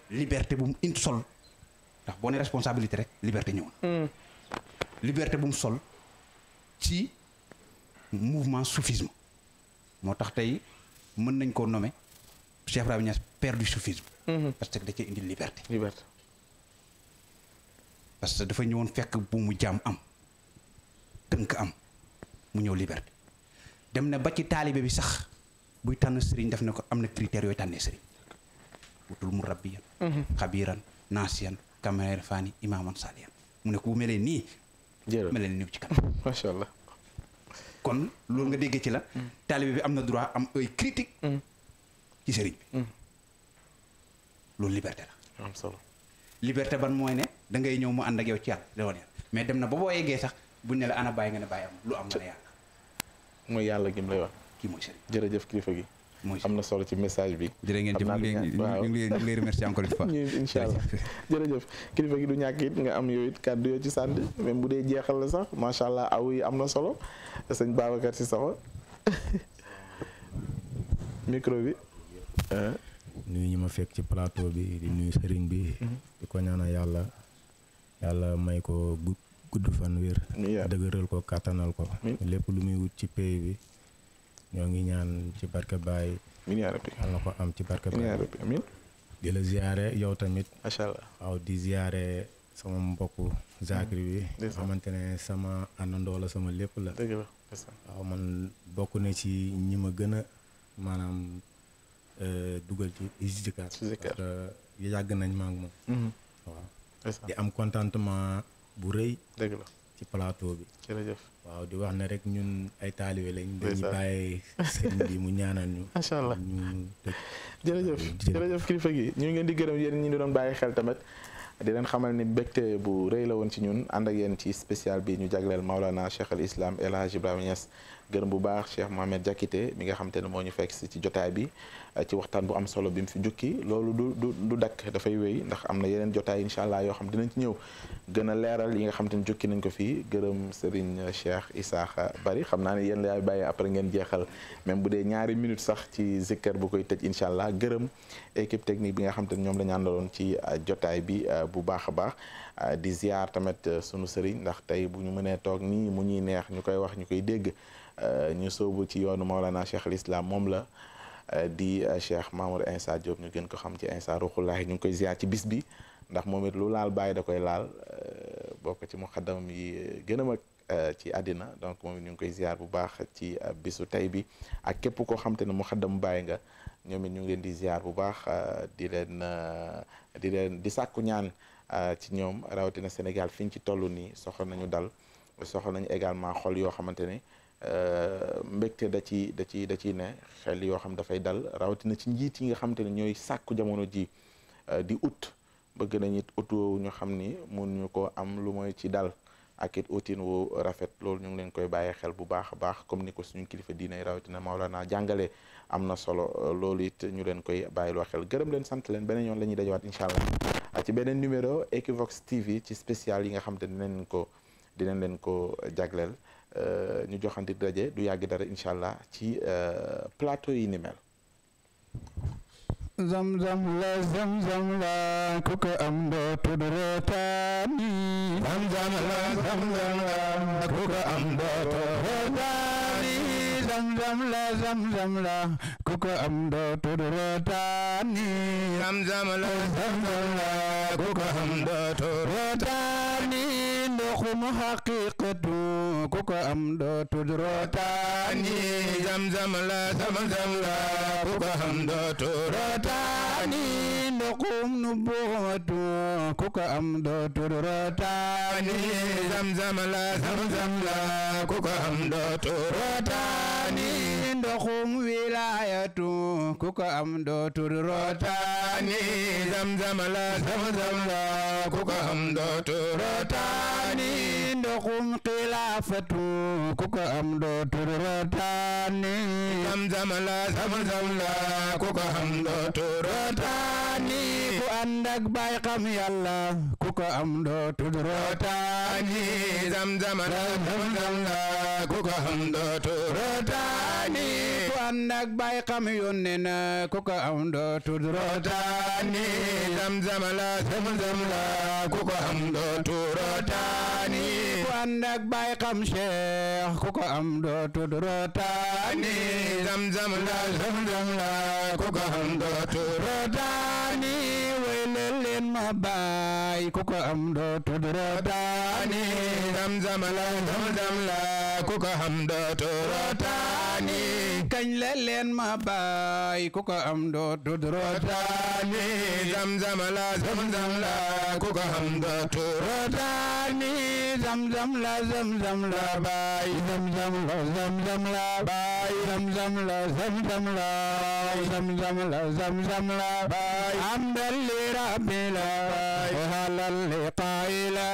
liberté bu mu indi sol ndax boo ne responsabilité rek liberté ñëw liberté bu mu sol ci mouvement soufisme moo tax tey mën nañ koo nommer Cheikh Ibrahima Niass père mm-hmm. parce que da cee indi liberté liberté parce que dafa ñëwoon fekk bu mu jaam am tënk am mu ñëw liberté dem na ba ci taalibe bi sax buy tànn sëriñ def na ko am na critères yooyu tànnee sëriñ wutul mu rabbiyan mhm. xabiiran naasiyan kamareer faani imaaman mu ne ku melee nii melee nii ci kanam kon loolu nga déggee ci la mhm. taalibe bi am na droit am ay critique mhm. ci sëriñ bi loolu liberté la liberté ban mooy ne da ngay ñëw mu ànd ak yow ci at yàlla mais dem na ba boo yeggee sax bu ne la ana bàyyi nga ne bàyyi am lu am nga mooy yàlla gi mu wax. kii mooy jërëjëf kilifa gi. mooy am na solo ci message bi. jërë ngeen jëf ñu ngi lay ñu ngi lay remercier jërëjëf kilifa gi du ñàkk it nga am yooyu it kàddu yoo ci sànni même bu dee jeexal la sax macha allah aw yi am na solo sëñ Babacar si sax micro bi. nuyu ñi ma fekk ci plateau bi di nuyu sëriñ bi. Mhm. di ko ñaanal yàlla yàlla may ko gudd fan wér. dëgëral ko kàttanal ko. lépp lu muy wut ci pay bi ñoo ngi ñaan ci barke Baye. yàlla na ko am ci barke Baye. di la ziare yow tamit. macha allah waaw di ziare sama mbokk Zakri bi. Mm-hmm. nga xamante ne sama àndandoo la sama lépp la. waaw man bokk na ci ñi ma gën a maanaam. Euh, dugal ci Zikar. Zikar yàgg nañ ma ak moom. Mhm. waaw am contentement bu rëy. dëgg la ci plateau bi. jërëjëf waaw di wax ne rek ñun ay taalibe lañ. dañuy bàyyi sëñ bi mu ñaanal ñu. macha allah ñu tëj. jërëjëf jërëjëf kilifa gi ñu ngi di gërëm ñu ñi doon bàyyi xel tamit. di leen xamal ni mbégte bu rëy la woon ci ñun ànd ak yéen ci spécial bi ñu jagleel Maulana Cheikh al Islam El Hadj gërëm bu baax Cheikh Mohamed Diakité mi nga xam te ne moo ñu fekk si ci jotaay bi euh, ci waxtaan bu am solo bi mu fi jukki loolu du du du dakk dafay wéy ndax am na yeneen jotaay incha allah yoo xam dinañ ci ñëw gën a leeral yi nga xam te ne jukki nañ ko fii gërëm Serigne euh, Cheikh Isaaxa Bari xam naa ne yéen laay bàyyee après ngeen jeexal même bu dee ñaari minutes sax ci zikkar bu koy tëj incha allah gërëm équipe technique bi nga xam te ñoom la ñu àndaloon ci euh, jotaay bi bu baax a baax di ziar tamit sunu Serigne ndax tey bu ñu mënee toog nii mu ñuy neex ñu koy wax ñu koy dégg Euh, ñu soobu ci yoonu Maolana Cheikh al Islam moom la euh, di euh, Cheikh Mamour Insa Diop ñu gën ko xam ci Insa Ruxullaahi ñu ngi koy ziar ci bis bi ndax moom it lu laal bàyyi da koy laal bokk ci muqaddam yi gën a mag ci àddina donc moom it ñu ngi koy ziar bu baax ci bisu tey bi ak képp koo xam te ne muqaddam bàyyi nga ñoom it ñu ngi leen di ziar bu baax di leen di leen di sàkku ñaan ci ñoom rawatina Sénégal fi ci toll nii soxla nañu dal soxla nañu également yoo xamante mbégte da ci da ci da ciy ne xel yoo xam dafay dal rawatina ci njiit yi nga xam ne ñooy sàkku jamono ji euh, di ut bëgg nañ it ut woowu ñu xam ni mun ñu ko am lu mooy ci dal ak it utin wu rafet loolu ñu ngi leen koy bàyyi xel bu baax a baax comme ni ko suñu kilifa diinay rawatina Maolana jàngale am na solo loolu it ñu leen koy bàyyiloo xel gërëm leen sant leen beneen yoon la ñuy dajawaat incha allah ci beneen numéro Equivox TV ci spécial yi nga xam te dinañ ko dinañ leen ko jagleel Euh, ñu joxandi daje du yàgg dara incha allah ci euh, plateau yi ni mel. zamzam la la ko ko am dootu reetaani. mu haqiqatu ku ko am dootul rootaani zamzam la zamzam la ku ko am dootul rootaani ndoxum nubuwatu ku ko am dootul rootaani zamzam la zamzam la ku ko am dootul rootaani ndoxum wilaayatu ku ko am dootul rootaani zamzam la zamzam la ku ko am dootul rootaani تقم خلافته كوكا أم دو تروتاني زمزم لا زمزم لا كوكا أم دو تروتاني ku ànd ak baay xam yàlla ku ko am dootul rootaani zamzam la zamzam la ku ko am dootul rootaani ku ànd ak baay xam yónnee na ku ko am dootul rootaani zamzam la zamzam la ku ko am dootul rootaani ànd baay xam cheikh ku ko am doo tudd rootaani zamzam la zamzam la ku ko am doo rootaani way leen ma baay ku ko am doo tudd rootaani zamzam la zamzam la ku ko am doo rootaani kañ la leen ma baay ku ko am dootu rotaani zamzam la zamzam la ku ko am dootu rotaani zamzam la zamzam la baay zamzam la la baay zamzam la la zamzam la zamzam la baay hamdan li rabbil alamin wa halal li qaila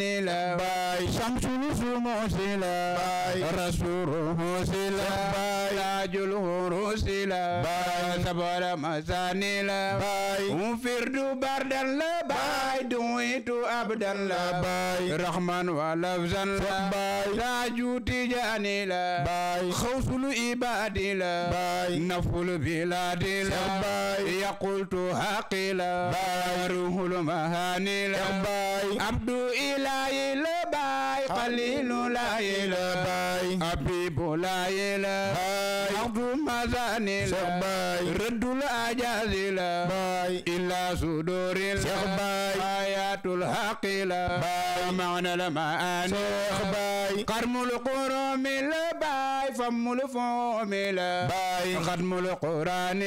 الثاني لا باي شمس الشموس لا باي رسول رسل باي تاج الهروس لا باي sabora masani la bay mufirdu um bardan la bay duitu abdan la bay rahman wa lafzan la bay taaju tijani la bay khawsul ibadi la bay naful biladi la bay yaqultu haqi la bay ruhul mahani la bay abdu ilahi la bay qalilu la ilahi la bay abibu la ilahi masaani la Cheikh Baye rëddul ajaasi la Baye illaa sudooril la Cheikh Baye العقيلة باي معنى لما أنا باي قرم القرآن باي فم الفوم باي قرم القرآن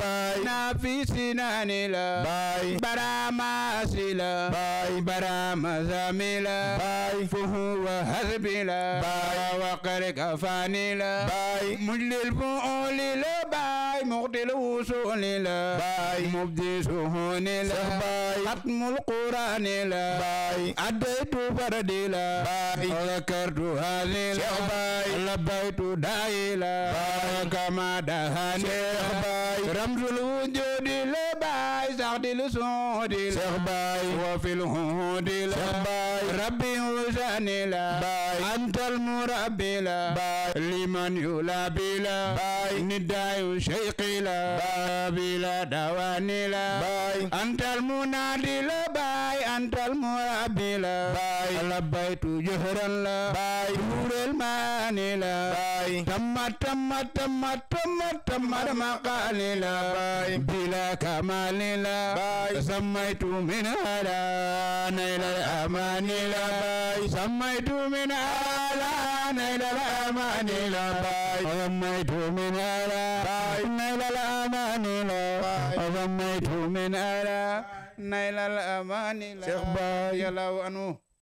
باي نافي سنان باي براما سلا باي براما زاملا باي فهو هذبلا باي وقر كفانلا باي مجل الفؤول باي مقتل وصول باي مبدي سهون باي ختم القرآن هانيلا باي أديت فرديلا باي ذكرت هانيلا باي لبيت دايلا باي كما دهانيلا باي رمز الوجود لباي سعد الصعود باي وفي الهود باي ربي وزانيلا باي أنت المربي باي لمن يلابيلا باي نداء شيقيلا باي بلا دوانيلا باي أنت المنادي لباي أنت المعبي لا لبيت جهرا لا نور الماني لا تم تم تم تم تم المقال لا بلا كمال لا سميت من آلان إلى الأمان لا سميت من آلان إلى الأمان لا سميت من آلان إلى الأمان لا سميت من آلان naylal amaani la yalaw anu